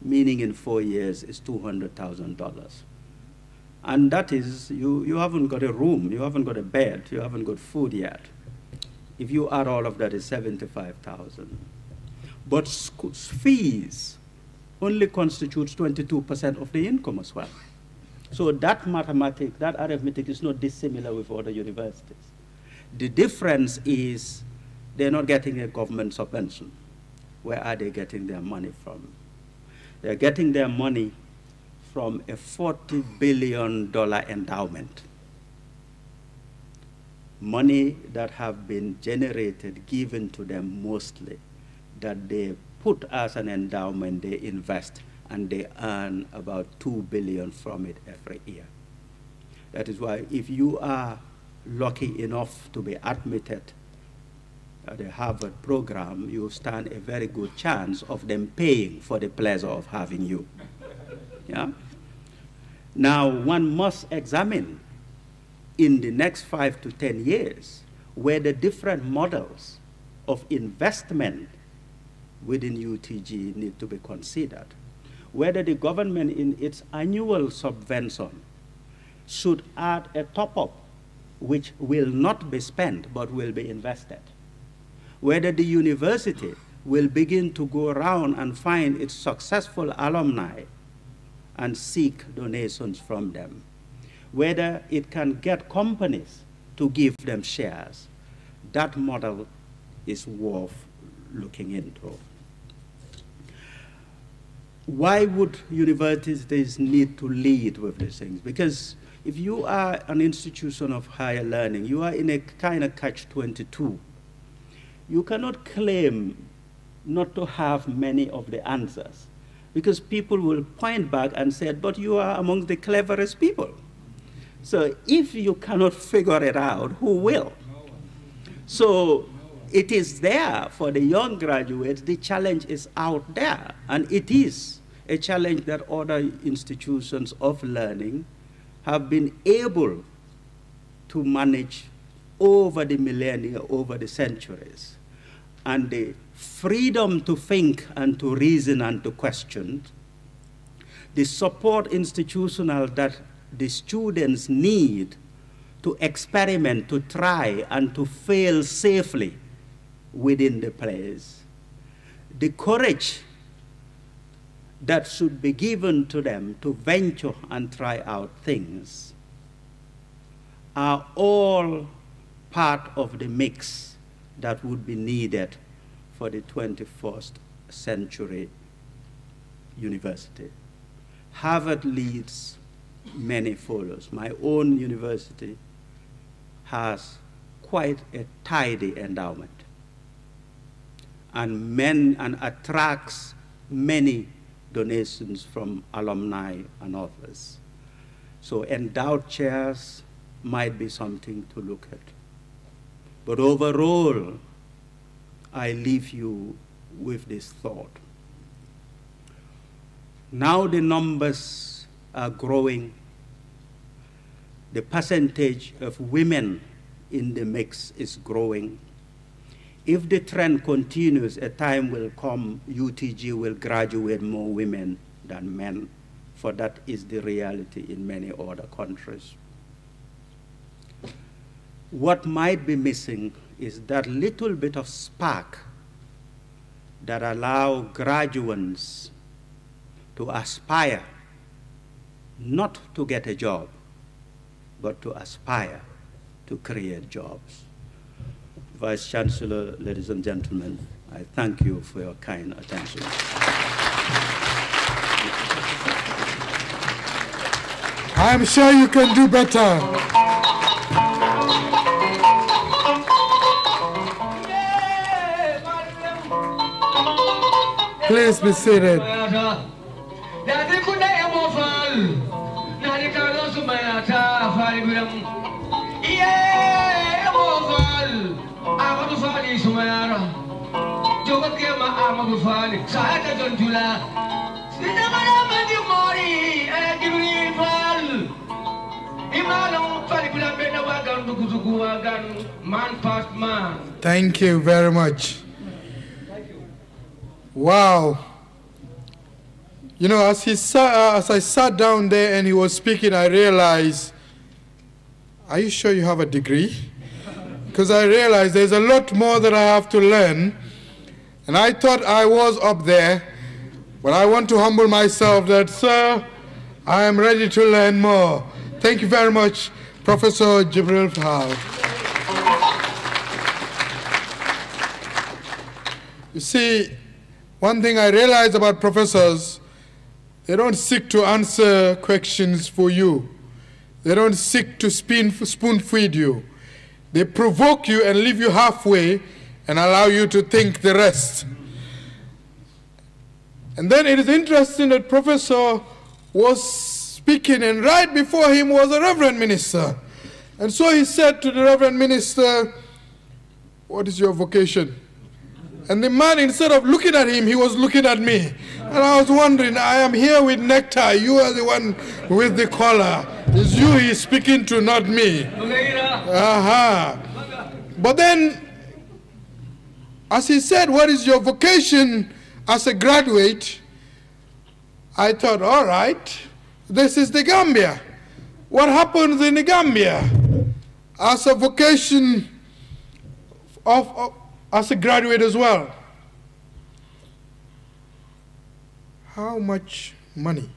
meaning in four years is $200,000. And that is, you, you haven't got a room, you haven't got a bed, you haven't got food yet. If you add all of that, it's 75,000. But fees only constitutes 22% of the income as well. So that mathematics, that arithmetic is not dissimilar with other universities. The difference is they're not getting a government subvention. Where are they getting their money from? They're getting their money from a $40 billion endowment. Money that have been generated, given to them mostly that they put as an endowment, they invest, and they earn about two billion from it every year. That is why if you are lucky enough to be admitted at uh, the Harvard program, you stand a very good chance of them paying for the pleasure of having you. yeah? Now, one must examine in the next five to 10 years where the different models of investment within UTG need to be considered. Whether the government in its annual subvention should add a top-up which will not be spent but will be invested. Whether the university will begin to go around and find its successful alumni and seek donations from them. Whether it can get companies to give them shares. That model is worth looking into why would universities need to lead with these things? Because if you are an institution of higher learning, you are in a kind of catch-22. You cannot claim not to have many of the answers because people will point back and say, but you are among the cleverest people. So if you cannot figure it out, who will? So it is there for the young graduates. The challenge is out there, and it is a challenge that other institutions of learning have been able to manage over the millennia, over the centuries. And the freedom to think and to reason and to question, the support institutional that the students need to experiment, to try, and to fail safely within the place, the courage that should be given to them to venture and try out things are all part of the mix that would be needed for the 21st century university. Harvard leads, many follows. My own university has quite a tidy endowment and men and attracts many donations from alumni and others. So endowed chairs might be something to look at. But overall, I leave you with this thought. Now the numbers are growing. The percentage of women in the mix is growing if the trend continues, a time will come UTG will graduate more women than men, for that is the reality in many other countries. What might be missing is that little bit of spark that allow graduates to aspire not to get a job, but to aspire to create jobs. Vice Chancellor, ladies and gentlemen, I thank you for your kind attention. I'm sure you can do better. Please be seated. man past man Thank you very much. You. Wow. You know, as, he uh, as I sat down there and he was speaking, I realized, are you sure you have a degree? Because I realized there's a lot more that I have to learn and I thought I was up there, but I want to humble myself that, sir, I am ready to learn more. Thank you very much, Professor Jibril Fahal. You see, one thing I realize about professors, they don't seek to answer questions for you. They don't seek to spoon feed you. They provoke you and leave you halfway and allow you to think the rest. And then it is interesting that Professor was speaking, and right before him was a Reverend Minister. And so he said to the Reverend Minister, What is your vocation? And the man, instead of looking at him, he was looking at me. And I was wondering, I am here with nectar. You are the one with the collar. It's you he's speaking to, not me. Aha. Uh -huh. But then as he said, What is your vocation as a graduate? I thought, All right, this is the Gambia. What happens in the Gambia as a vocation of, of as a graduate as well? How much money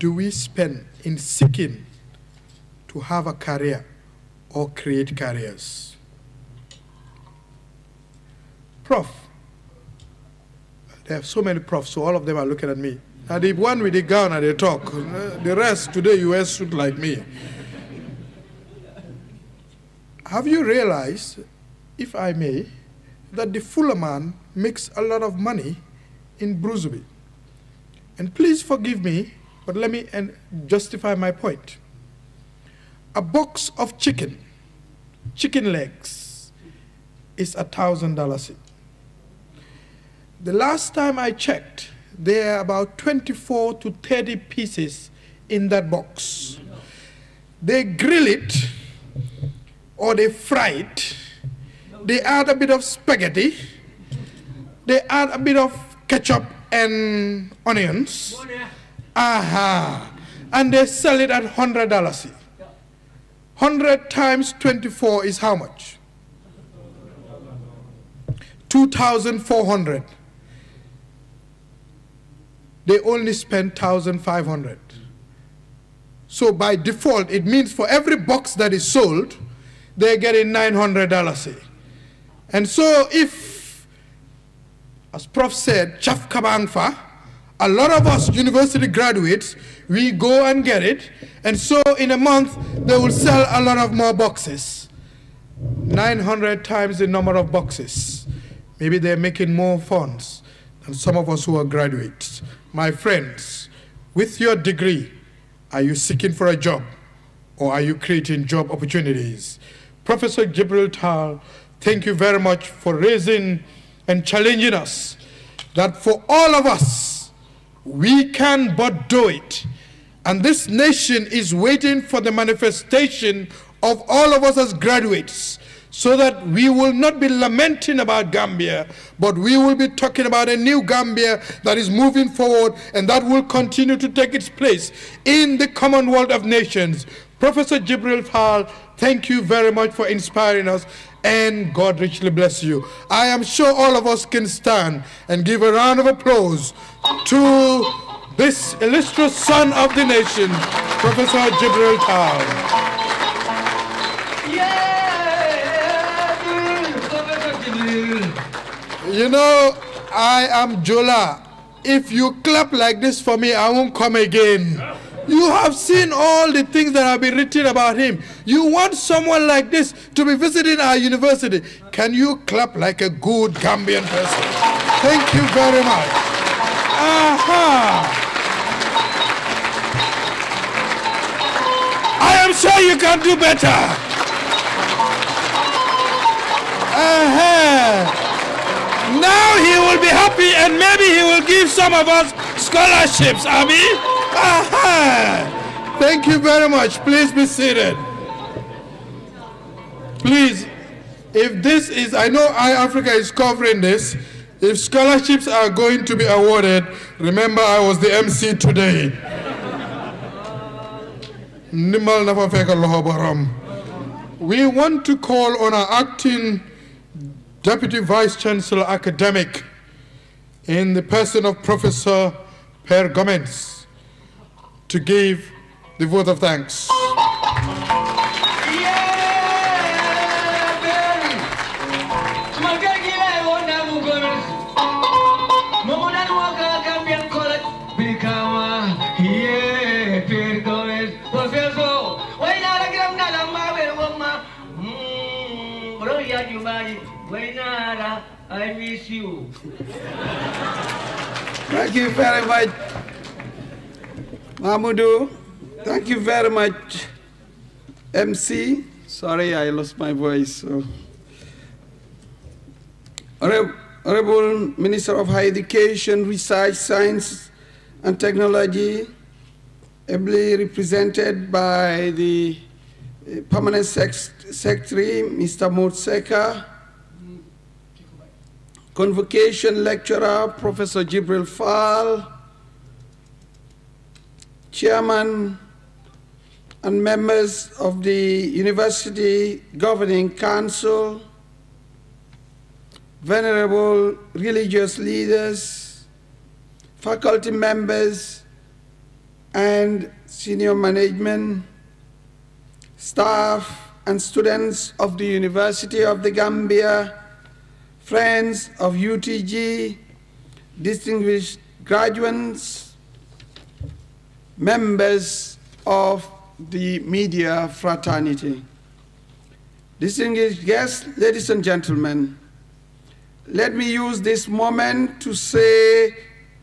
do we spend in seeking to have a career or create careers? prof. They have so many profs, so all of them are looking at me. And the one with the gown and the talk, uh, the rest today you wear suit like me. Have you realized, if I may, that the fuller man makes a lot of money in Brusubi? And please forgive me, but let me justify my point. A box of chicken, chicken legs, is a thousand dollars the last time I checked, there are about 24 to 30 pieces in that box. They grill it or they fry it. They add a bit of spaghetti. They add a bit of ketchup and onions. Aha. And they sell it at $100. 100 times 24 is how much? 2,400 they only spend 1,500. So by default, it means for every box that is sold, they're getting $900. And so if, as Prof said, chaf kabangfa, a lot of us university graduates, we go and get it. And so in a month, they will sell a lot of more boxes. 900 times the number of boxes. Maybe they're making more funds than some of us who are graduates. My friends, with your degree, are you seeking for a job or are you creating job opportunities? Professor Gibraltar, thank you very much for raising and challenging us that for all of us, we can but do it. And this nation is waiting for the manifestation of all of us as graduates so that we will not be lamenting about Gambia, but we will be talking about a new Gambia that is moving forward and that will continue to take its place in the Commonwealth of Nations. Professor Jibril Fahal, thank you very much for inspiring us and God richly bless you. I am sure all of us can stand and give a round of applause to this illustrious son of the nation, Professor Jibril Fahal. Yeah. You know, I am Jola. If you clap like this for me, I won't come again. You have seen all the things that have been written about him. You want someone like this to be visiting our university. Can you clap like a good Gambian person? Thank you very much. Aha! I am sure you can do better. Uh -huh. Now he will be happy and maybe he will give some of us scholarships, Abi. Aha! Thank you very much. Please be seated. Please, if this is, I know iAfrica is covering this. If scholarships are going to be awarded, remember I was the MC today. We want to call on our acting Deputy Vice Chancellor Academic, in the person of Professor Per Gomez, to give the vote of thanks. Thank you very much, Mahmoudou. Thank you very much, MC. Sorry, I lost my voice. So. Honorable Minister of Higher Education, Research, Science and Technology, ably represented by the eh, Permanent Secretary, Mr. Motseka, Convocation lecturer, Professor Jibril Fall, chairman and members of the University Governing Council, venerable religious leaders, faculty members, and senior management, staff, and students of the University of the Gambia, friends of UTG, distinguished graduates, members of the media fraternity, distinguished guests, ladies and gentlemen, let me use this moment to say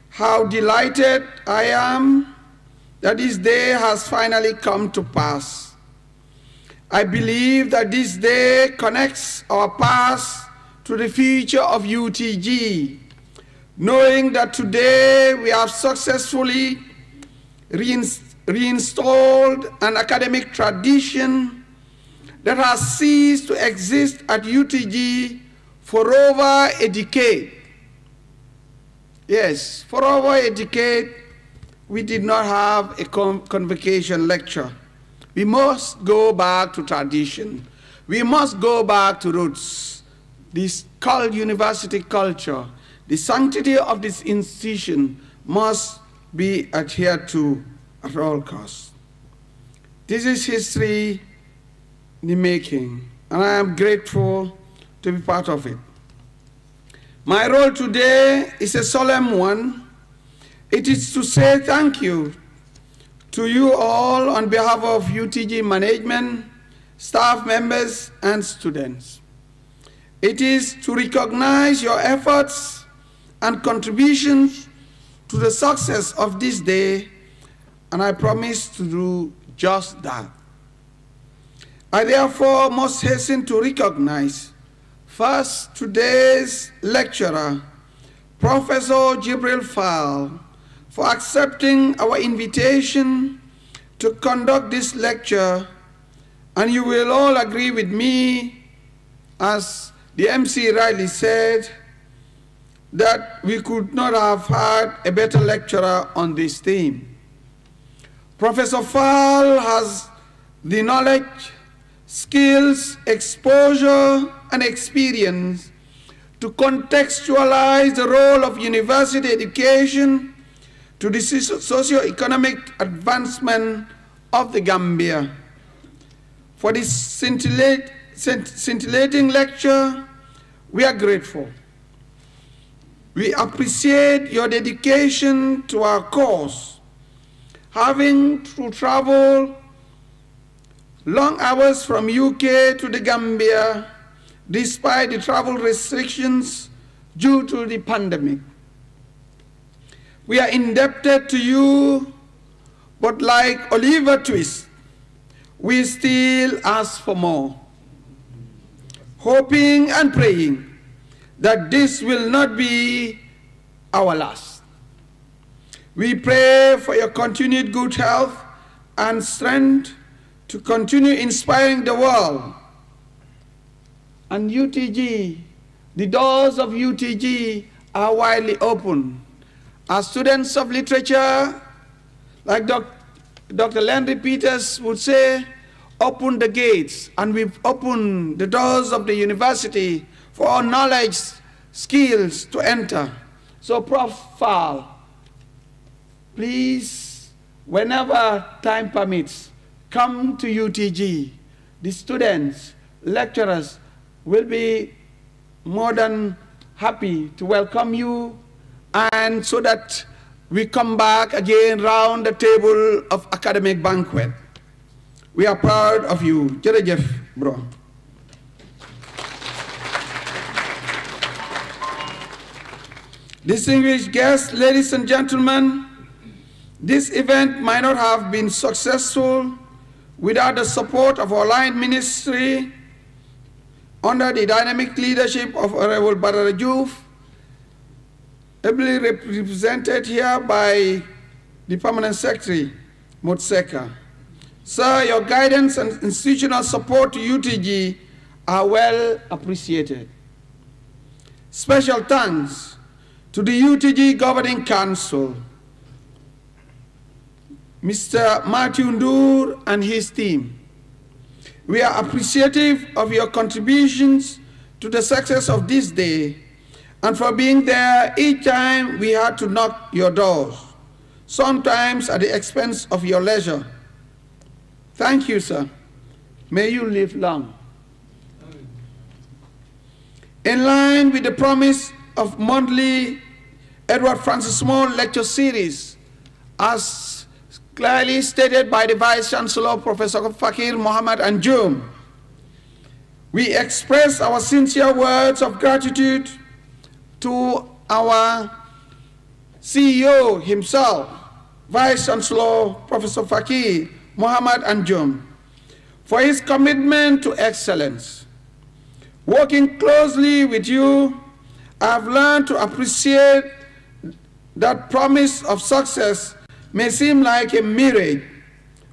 how delighted I am that this day has finally come to pass. I believe that this day connects our past to the future of UTG, knowing that today we have successfully reinstalled an academic tradition that has ceased to exist at UTG for over a decade. Yes, for over a decade, we did not have a convocation lecture. We must go back to tradition. We must go back to roots this university culture, the sanctity of this institution must be adhered to at all costs. This is history in the making, and I am grateful to be part of it. My role today is a solemn one. It is to say thank you to you all on behalf of UTG management, staff members, and students. It is to recognize your efforts and contributions to the success of this day, and I promise to do just that. I therefore must hasten to recognize first today's lecturer, Professor Jibril Fall, for accepting our invitation to conduct this lecture, and you will all agree with me as the MC Riley said that we could not have had a better lecturer on this theme. Professor Fall has the knowledge, skills, exposure, and experience to contextualize the role of university education to the socio-economic advancement of the Gambia. For this scintillate scintillating lecture. We are grateful. We appreciate your dedication to our cause, having to travel long hours from UK to the Gambia, despite the travel restrictions due to the pandemic. We are indebted to you, but like Oliver Twist, we still ask for more hoping and praying that this will not be our last. We pray for your continued good health and strength to continue inspiring the world. And UTG, the doors of UTG are widely open. As students of literature, like Dr. Landry Peters would say, Open the gates and we've opened the doors of the university for our knowledge, skills to enter. So profile, please, whenever time permits, come to UTG. The students, lecturers will be more than happy to welcome you and so that we come back again round the table of academic banquet. We are proud of you. Jërëjëf, bro. Distinguished guests, ladies and gentlemen, this event might not have been successful without the support of our line ministry under the dynamic leadership of Honorable Barara ably represented here by the Permanent Secretary, Motseka. Sir, your guidance and institutional support to UTG are well appreciated. Special thanks to the UTG Governing Council, Mr. Matthew Ndour and his team. We are appreciative of your contributions to the success of this day and for being there each time we had to knock your doors, sometimes at the expense of your leisure. Thank you, sir. May you live long. In line with the promise of monthly Edward Francis Small lecture series, as clearly stated by the Vice Chancellor, Professor Fakir Muhammad Anjum, we express our sincere words of gratitude to our CEO himself, Vice Chancellor Professor Fakir, Muhammad Anjum, for his commitment to excellence. Working closely with you, I've learned to appreciate that promise of success may seem like a mirage,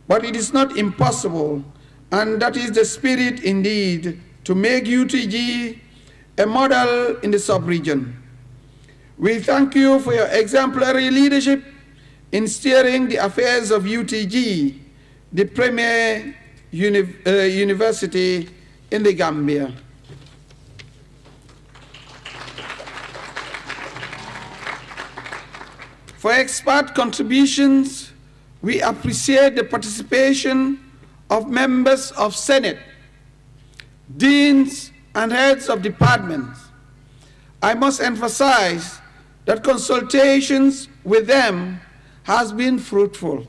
but it is not impossible, and that is the spirit indeed to make UTG a model in the sub-region. We thank you for your exemplary leadership in steering the affairs of UTG the premier uni uh, university in the Gambia. For expert contributions, we appreciate the participation of members of Senate, deans, and heads of departments. I must emphasize that consultations with them has been fruitful.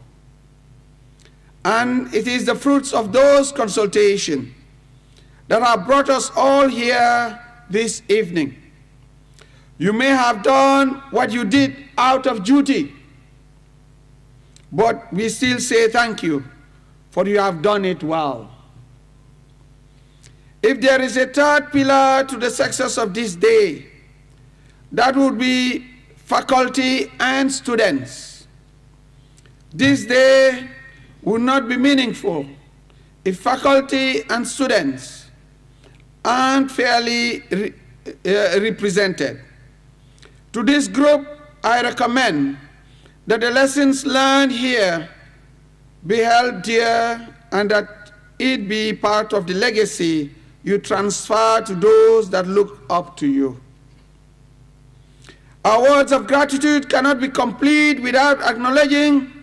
And it is the fruits of those consultations that have brought us all here this evening. You may have done what you did out of duty, but we still say thank you, for you have done it well. If there is a third pillar to the success of this day, that would be faculty and students. This day would not be meaningful if faculty and students aren't fairly re uh, represented. To this group, I recommend that the lessons learned here be held dear and that it be part of the legacy you transfer to those that look up to you. Our words of gratitude cannot be complete without acknowledging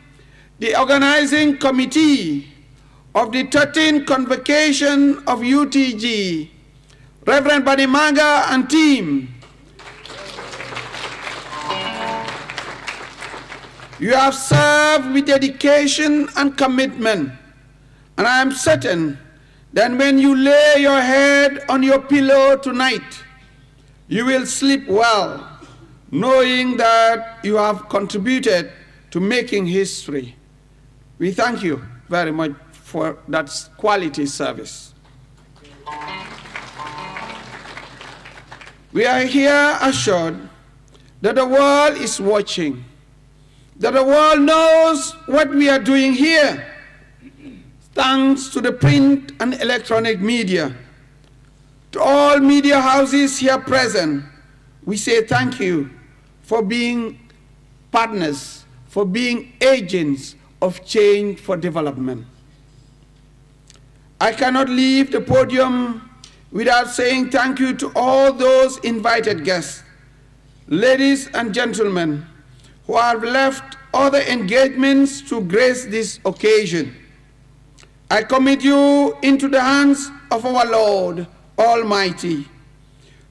the organizing committee of the 13th convocation of UTG, Reverend Badimanga and team. You have served with dedication and commitment, and I am certain that when you lay your head on your pillow tonight, you will sleep well, knowing that you have contributed to making history. We thank you very much for that quality service. We are here assured that the world is watching, that the world knows what we are doing here, thanks to the print and electronic media. To all media houses here present, we say thank you for being partners, for being agents, of change for development. I cannot leave the podium without saying thank you to all those invited guests, ladies and gentlemen, who have left other engagements to grace this occasion. I commit you into the hands of our Lord Almighty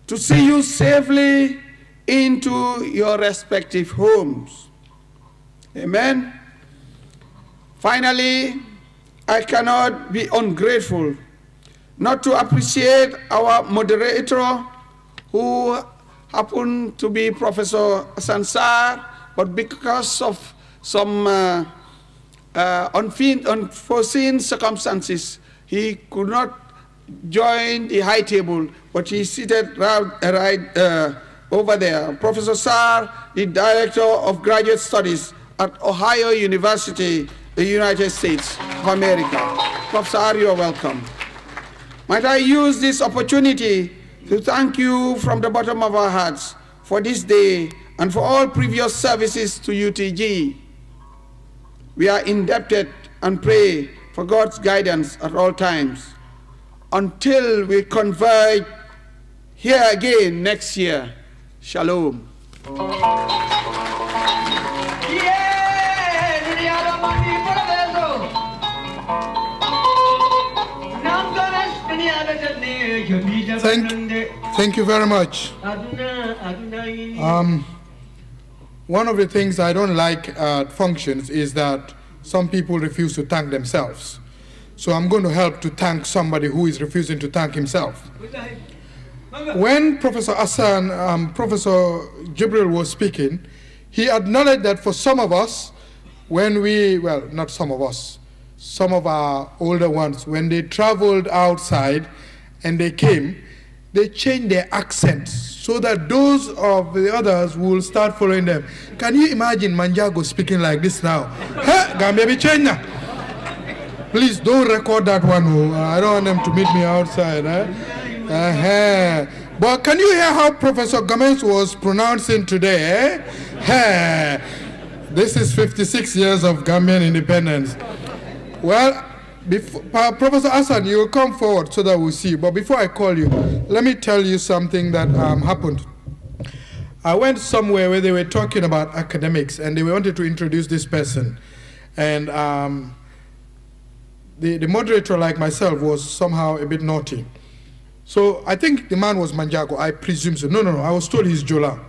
to see you safely into your respective homes. Amen. Finally, I cannot be ungrateful not to appreciate our moderator who happened to be Professor Sansar, but because of some uh, uh, unforeseen circumstances, he could not join the high table, but he seated right, uh, right uh, over there. Professor Sar, the Director of Graduate Studies at Ohio University, the United States of America. Professor, are welcome. Might I use this opportunity to thank you from the bottom of our hearts for this day and for all previous services to UTG. We are indebted and pray for God's guidance at all times until we converge here again next year. Shalom. Thank, thank you very much. Um, one of the things I don't like at functions is that some people refuse to thank themselves. So I'm going to help to thank somebody who is refusing to thank himself. When Professor Hassan, um, Professor Gabriel was speaking, he acknowledged that for some of us, when we, well, not some of us, some of our older ones, when they traveled outside and they came, they change their accents so that those of the others will start following them. Can you imagine Manjago speaking like this now? Please don't record that one. Oh. I don't want them to meet me outside. Eh? Uh -huh. But can you hear how Professor Gomez was pronouncing today? Eh? this is 56 years of Gambian independence. Well, before, Professor Hassan, you will come forward so that we will see. But before I call you, let me tell you something that um, happened. I went somewhere where they were talking about academics and they wanted to introduce this person. And um, the, the moderator, like myself, was somehow a bit naughty. So I think the man was Manjago, I presume so. No, no, no, I was told he's Jola.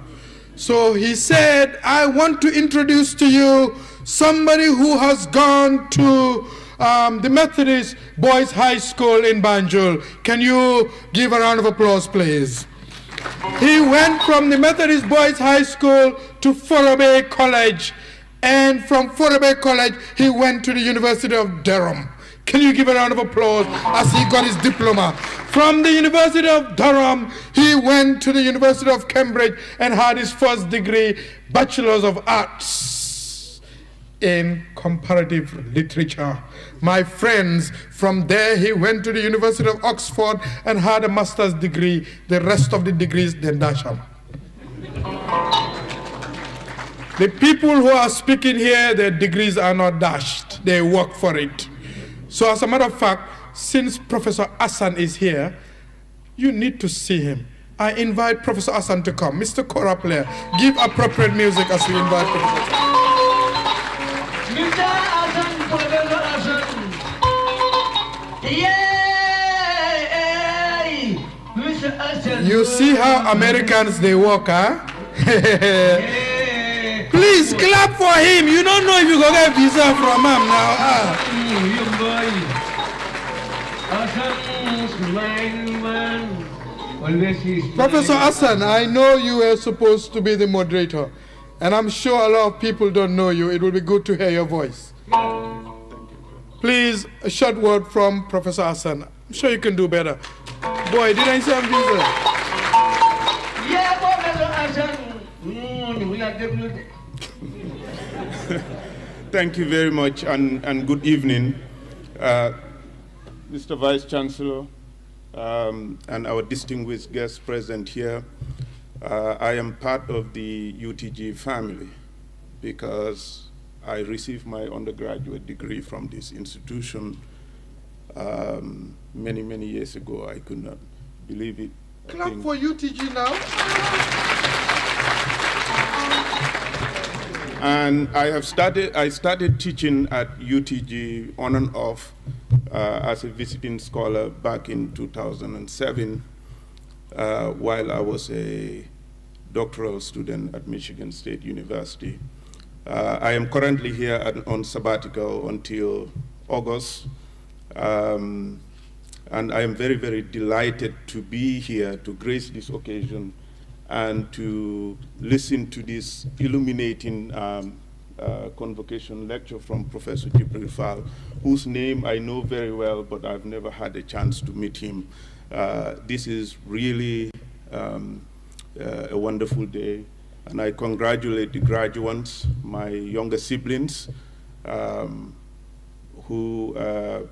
So he said, I want to introduce to you somebody who has gone to um, the Methodist Boys High School in Banjul. Can you give a round of applause, please? He went from the Methodist Boys High School to Forobe College, and from Forobe College, he went to the University of Durham. Can you give a round of applause as he got his diploma? From the University of Durham, he went to the University of Cambridge and had his first degree, Bachelor's of Arts in Comparative Literature my friends. From there, he went to the University of Oxford and had a master's degree, the rest of the degrees, then Dasham. The people who are speaking here, their degrees are not dashed. They work for it. So as a matter of fact, since Professor Asan is here, you need to see him. I invite Professor Asan to come. Mr. Korapler, give appropriate music as we invite Professor You see how Americans they walk, huh? Please clap for him. You don't know if you go get visa from him now. Huh? Professor Hassan, I know you were supposed to be the moderator, and I'm sure a lot of people don't know you. It will be good to hear your voice. Please, a short word from Professor Hassan. I'm sure you can do better. Boy, did I hmm, I Thank you very much, and, and good evening, uh, Mr. Vice Chancellor, um, and our distinguished guests present here. Uh, I am part of the UTG family because I received my undergraduate degree from this institution um, many, many years ago. I could not believe it. Clap for UTG now. And I have started, I started teaching at UTG on and off uh, as a visiting scholar back in 2007 uh, while I was a doctoral student at Michigan State University. Uh, I am currently here at, on sabbatical until August um, and I am very, very delighted to be here to grace this occasion and to listen to this illuminating um, uh, convocation lecture from Professor Jibril Fal, whose name I know very well, but I've never had a chance to meet him. Uh, this is really um, uh, a wonderful day, and I congratulate the graduates, my younger siblings, um, who uh,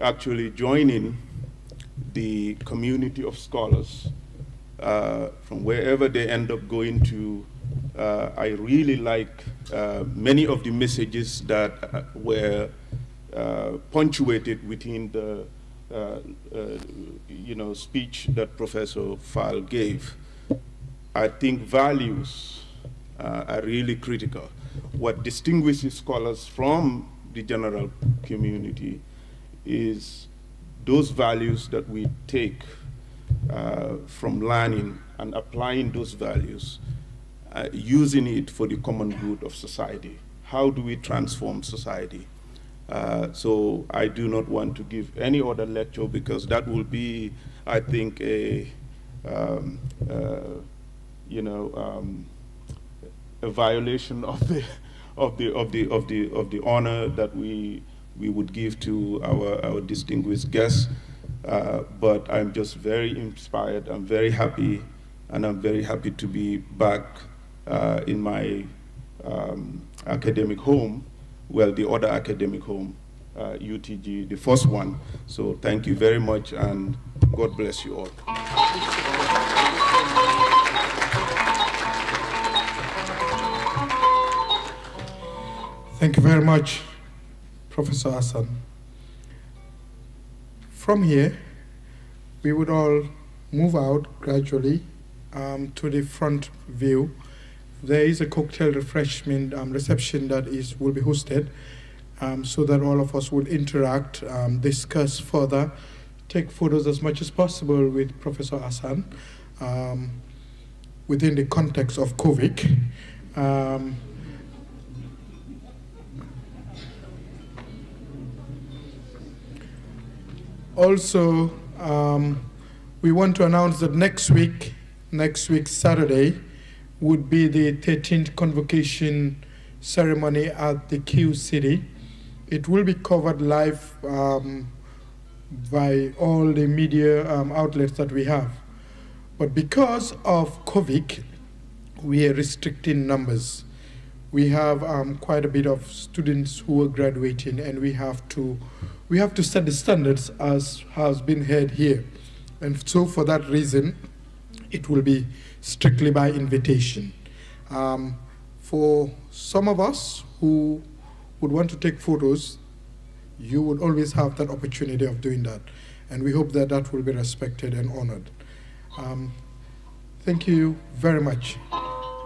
actually joining the community of scholars uh, from wherever they end up going to. Uh, I really like uh, many of the messages that uh, were uh, punctuated within the uh, you know speech that Professor Fall gave. I think values are really critical. What distinguishes scholars from the general community is those values that we take uh, from learning and applying those values, uh, using it for the common good of society. How do we transform society? Uh, so I do not want to give any other lecture because that will be, I think, a um, uh, you know um, a violation of the of the of the of the of the honor that we we would give to our, our distinguished guests. Uh, but I'm just very inspired. I'm very happy, and I'm very happy to be back uh, in my um, academic home, well, the other academic home, uh, UTG, the first one. So thank you very much, and God bless you all. Thank you very much. Professor Hassan. From here, we would all move out gradually um, to the front view. There is a cocktail refreshment um, reception that is will be hosted um, so that all of us would interact, um, discuss further, take photos as much as possible with Professor Hassan um, within the context of COVID. Um, also, um, we want to announce that next week, next week Saturday, would be the 13th convocation ceremony at the Q City. It will be covered live um, by all the media um, outlets that we have. But because of COVID, we are restricting numbers. We have um, quite a bit of students who are graduating and we have to we have to set the standards as has been heard here. And so for that reason, it will be strictly by invitation. Um, for some of us who would want to take photos, you would always have that opportunity of doing that. And we hope that that will be respected and honored. Um, thank you very much.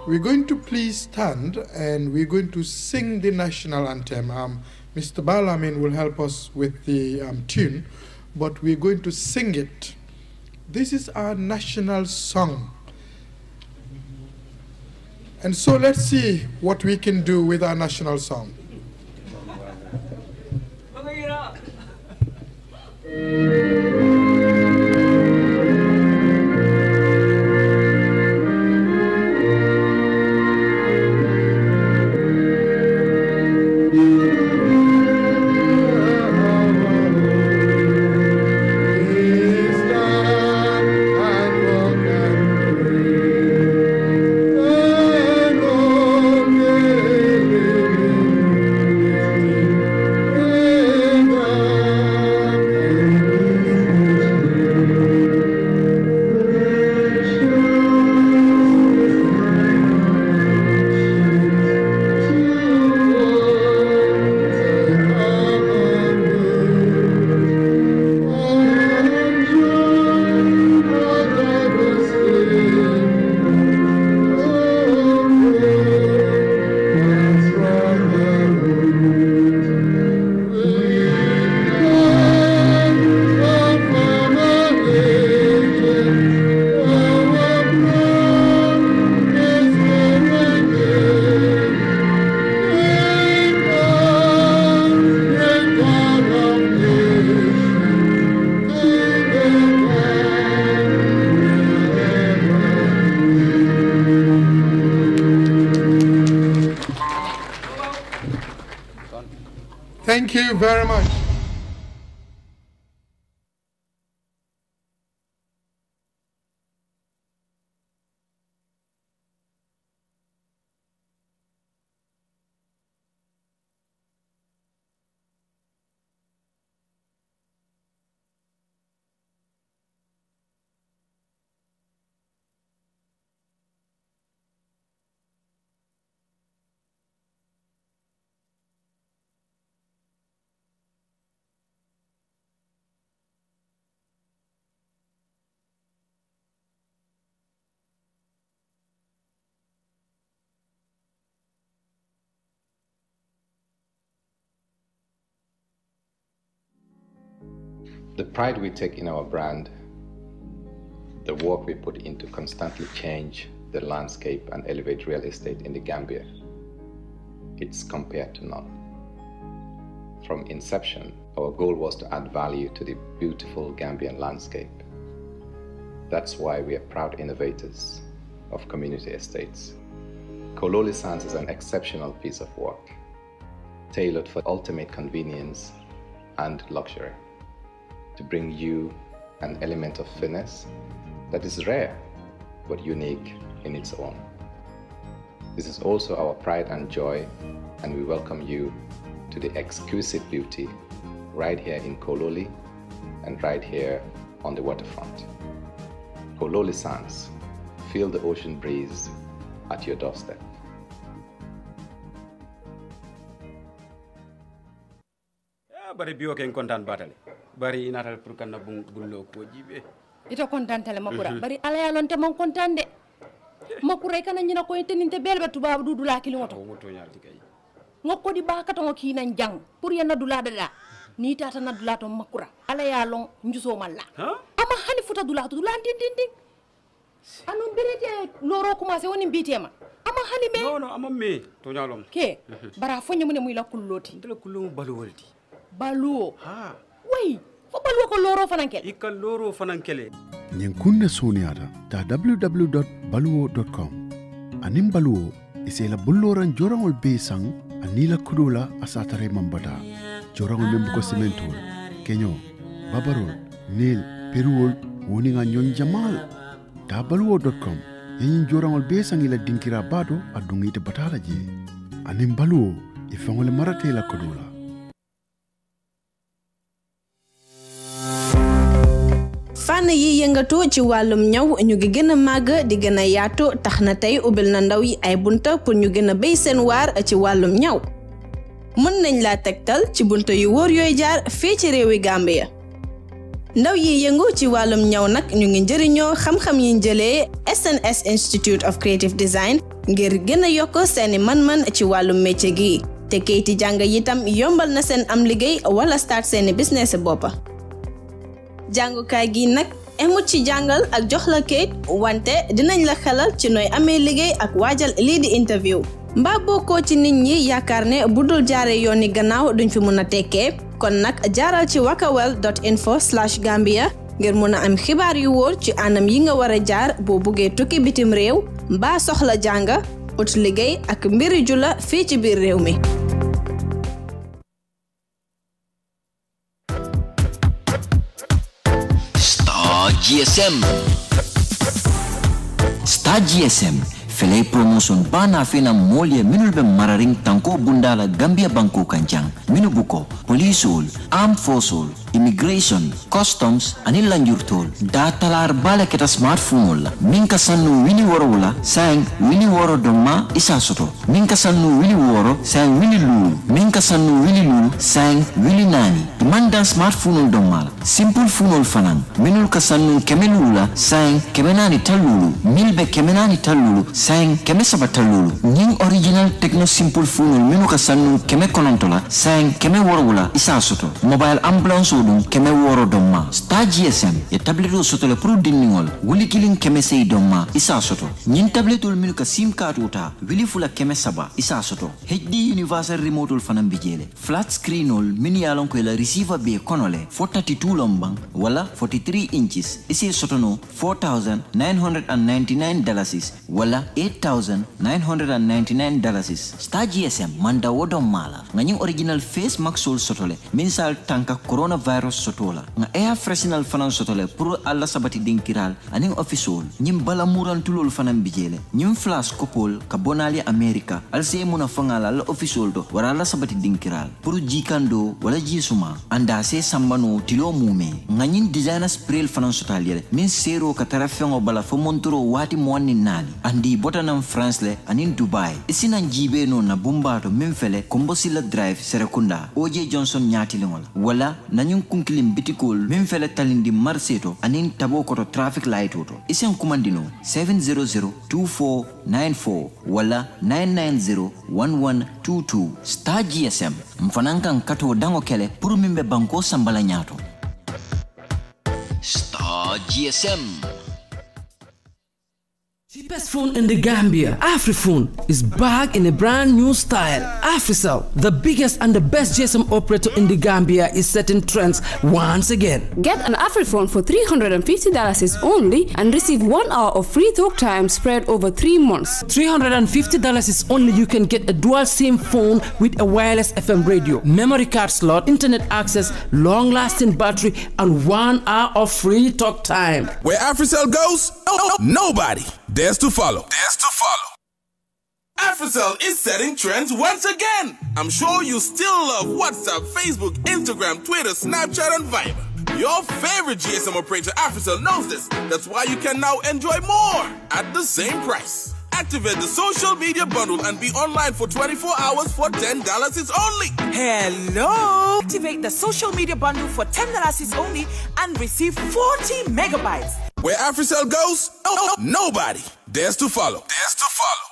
We're going to please stand and we're going to sing the national anthem. Um, Mr. Balamin will help us with the um, tune, but we're going to sing it. This is our national song. And so let's see what we can do with our national song. Bring it up. you very much. the pride we take in our brand, the work we put into constantly change the landscape and elevate real estate in the Gambia, it's compared to none. From inception, our goal was to add value to the beautiful Gambian landscape. That's why we are proud innovators of community estates. Kololi Sands is an exceptional piece of work, tailored for ultimate convenience and luxury to bring you an element of finesse that is rare but unique in its own. This is also our pride and joy, and we welcome you to the exquisite beauty right here in Kololi and right here on the waterfront. Kololi Sands, feel the ocean breeze at your doorstep. bari bi wo ken kontaan baatale bari inatal pour kanna gullo ko jibe ito le makura bari ala lonte mon contente makura kana ñina ko teninte belba tubabu dudula kiliŋo to ŋokkodi bakataŋo kiinan jang pour ye dula dala ni tata dula to makura ala ya lon njuso malla ama hani futa dula to dula din din din anum berete loro commencé woni bitema ama hani me non non ama me to nyalom ke mhm. bara foñe mune muy la kulloti ndela balu baluwolti baluwo ha wey fo baluwo ko looroo fanan kele i ka loro fanan kele ñin kunna suniyata ta www baluwo com anin baluwo e la bulloran joraŋol bee saŋ a la kudo la a i maŋ mambata joraŋol meŋ buko simentol keño babarol neel periwol woniŋa ñoŋ jamal ta baluwo com ñiŋ joraŋol bee saŋ i la dinkira baato a duŋ ite bata la jee aniŋ baluwo i faŋo le marate la kodo la fànn yi yëngatu ci wàllum ñaw ñu ngi gën a màgg di gën a yaatu tax na tey ubbil na ndaw yi ay bunta pour ñu gën a béy seen waar ci wàllum ñaw mën nañ laa tegtal ci bunta yu wóor yooy jaar fii ci réewi ya ndaw yi yëngu ci wàllum ñaw nag ñu ngi njëriñoo xam-xam yi jëlee SNS Institute of Creative Design ngir gën a yokk seeni man mën ci wàllum métier gi te kayiti jàng yitam yombal na seen am liggéey wala start seeni business boppa jàngukaay gi nag emut ci jàngal ak jox la kayit wante dinañ la xelal ci nooy amee liggéey ak waajal lii di interview mbaa bokkoo ci nit ñi yaakaar ne bu dul jaaree yooni gannaaw duñ fi mun a tekkee kon nag jaaral ci wakawel dot info gambia ngir mun a am xibaar yu wóor ci anam yi nga war a jaar boo buggee tukki bitim réew mbaa soxla jàng ut liggéey ak mbiri jula fii ci biir réew mi GSM. Sta GSM. Fele promosyon ba na fe na minul be mararing tanko bundala Gambia Banko Kanjang, Minubuko, Polisul, Armed Forces, immigration, customs, anillan yurtol. Datalar bala kita smartphone Minka sannu wini woro wula, sang wini woro doma isa soto. Minka sannu wini woro, sang wini lu. Minka sannu wini lu, sang wini nani. Mandan smartphone doma. Simple phone fanan. Minul ka sannu kemelula, sang kemenani talulu. Milbe kemenani talulu, sang kemesaba talulu. Nying original techno simple phone minu ka sannu keme konontola, sang keme woro wula isa soto. Mobile ambulance ɗum keme woro don ma star gsm e tablet o sotole pour dinniŋol wuli kilin keme seyi don ma isa soto ñin tabletol minnu ka sim kaatu ta wili fula keme saba isa soto hd universal remotol fanan bi jeele flat screenol min ye lon ko ela receiver be kono le fo 32 lon ban wala 43 inches ise sotono 4999 dalasis wala 8999 dalasis star gsm manda wo don mala ŋañiŋ original face maxol sotole min sal tanka coronavirus bayro soto la ŋa air freshnal fanaŋ soto le pour a sabati dinkiral aniŋ ofisol ñiŋ bala fanaŋ bi fanan le ñiŋ flash kopol ka bonali amerika al si ye muna faŋa la a la ofisol to wara a dinkiral pour jikando wala jisuma anda se sambano tilo mume ŋa ñiŋ designer spray fanaŋ soto yele le miŋ seero ka tara feŋo bala fo montro waati muwaŋ niŋ naali andi bota naŋ france le aniŋ dubai i jibe no na bumbaato miŋ fele kombosila drive serekunda o j johnson nyati lingola wala nañiŋ kunkilin bitikol min fele talindi marché to anin tabo koto traffic light woto isen kumandino 7002494 wala 9901122 star gsm mfanan kan kato dango kele pour min be banko sambala ñaato star gsm Cheapest phone in the Gambia, Afriphone, is back in a brand new style. Africell, the biggest and the best GSM operator in the Gambia, is setting trends once again. Get an Afriphone for $350 only and receive one hour of free talk time spread over three months. $350 is only you can get a dual SIM phone with a wireless FM radio, memory card slot, internet access, long lasting battery, and one hour of free talk time. Where Africell goes, oh, oh, nobody. There's to follow. There's to follow. Africell is setting trends once again. I'm sure you still love WhatsApp, Facebook, Instagram, Twitter, Snapchat, and Viber. Your favorite GSM operator, Africell, knows this. That's why you can now enjoy more at the same price. Activate the social media bundle and be online for 24 hours for $10 is only. Hello! Activate the social media bundle for $10 is only and receive 40 megabytes. Where AfriCell goes, oh, oh, nobody dares to follow. Dares to follow.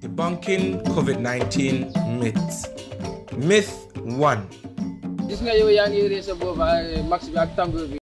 Debunking COVID-19 myths. Myth 1.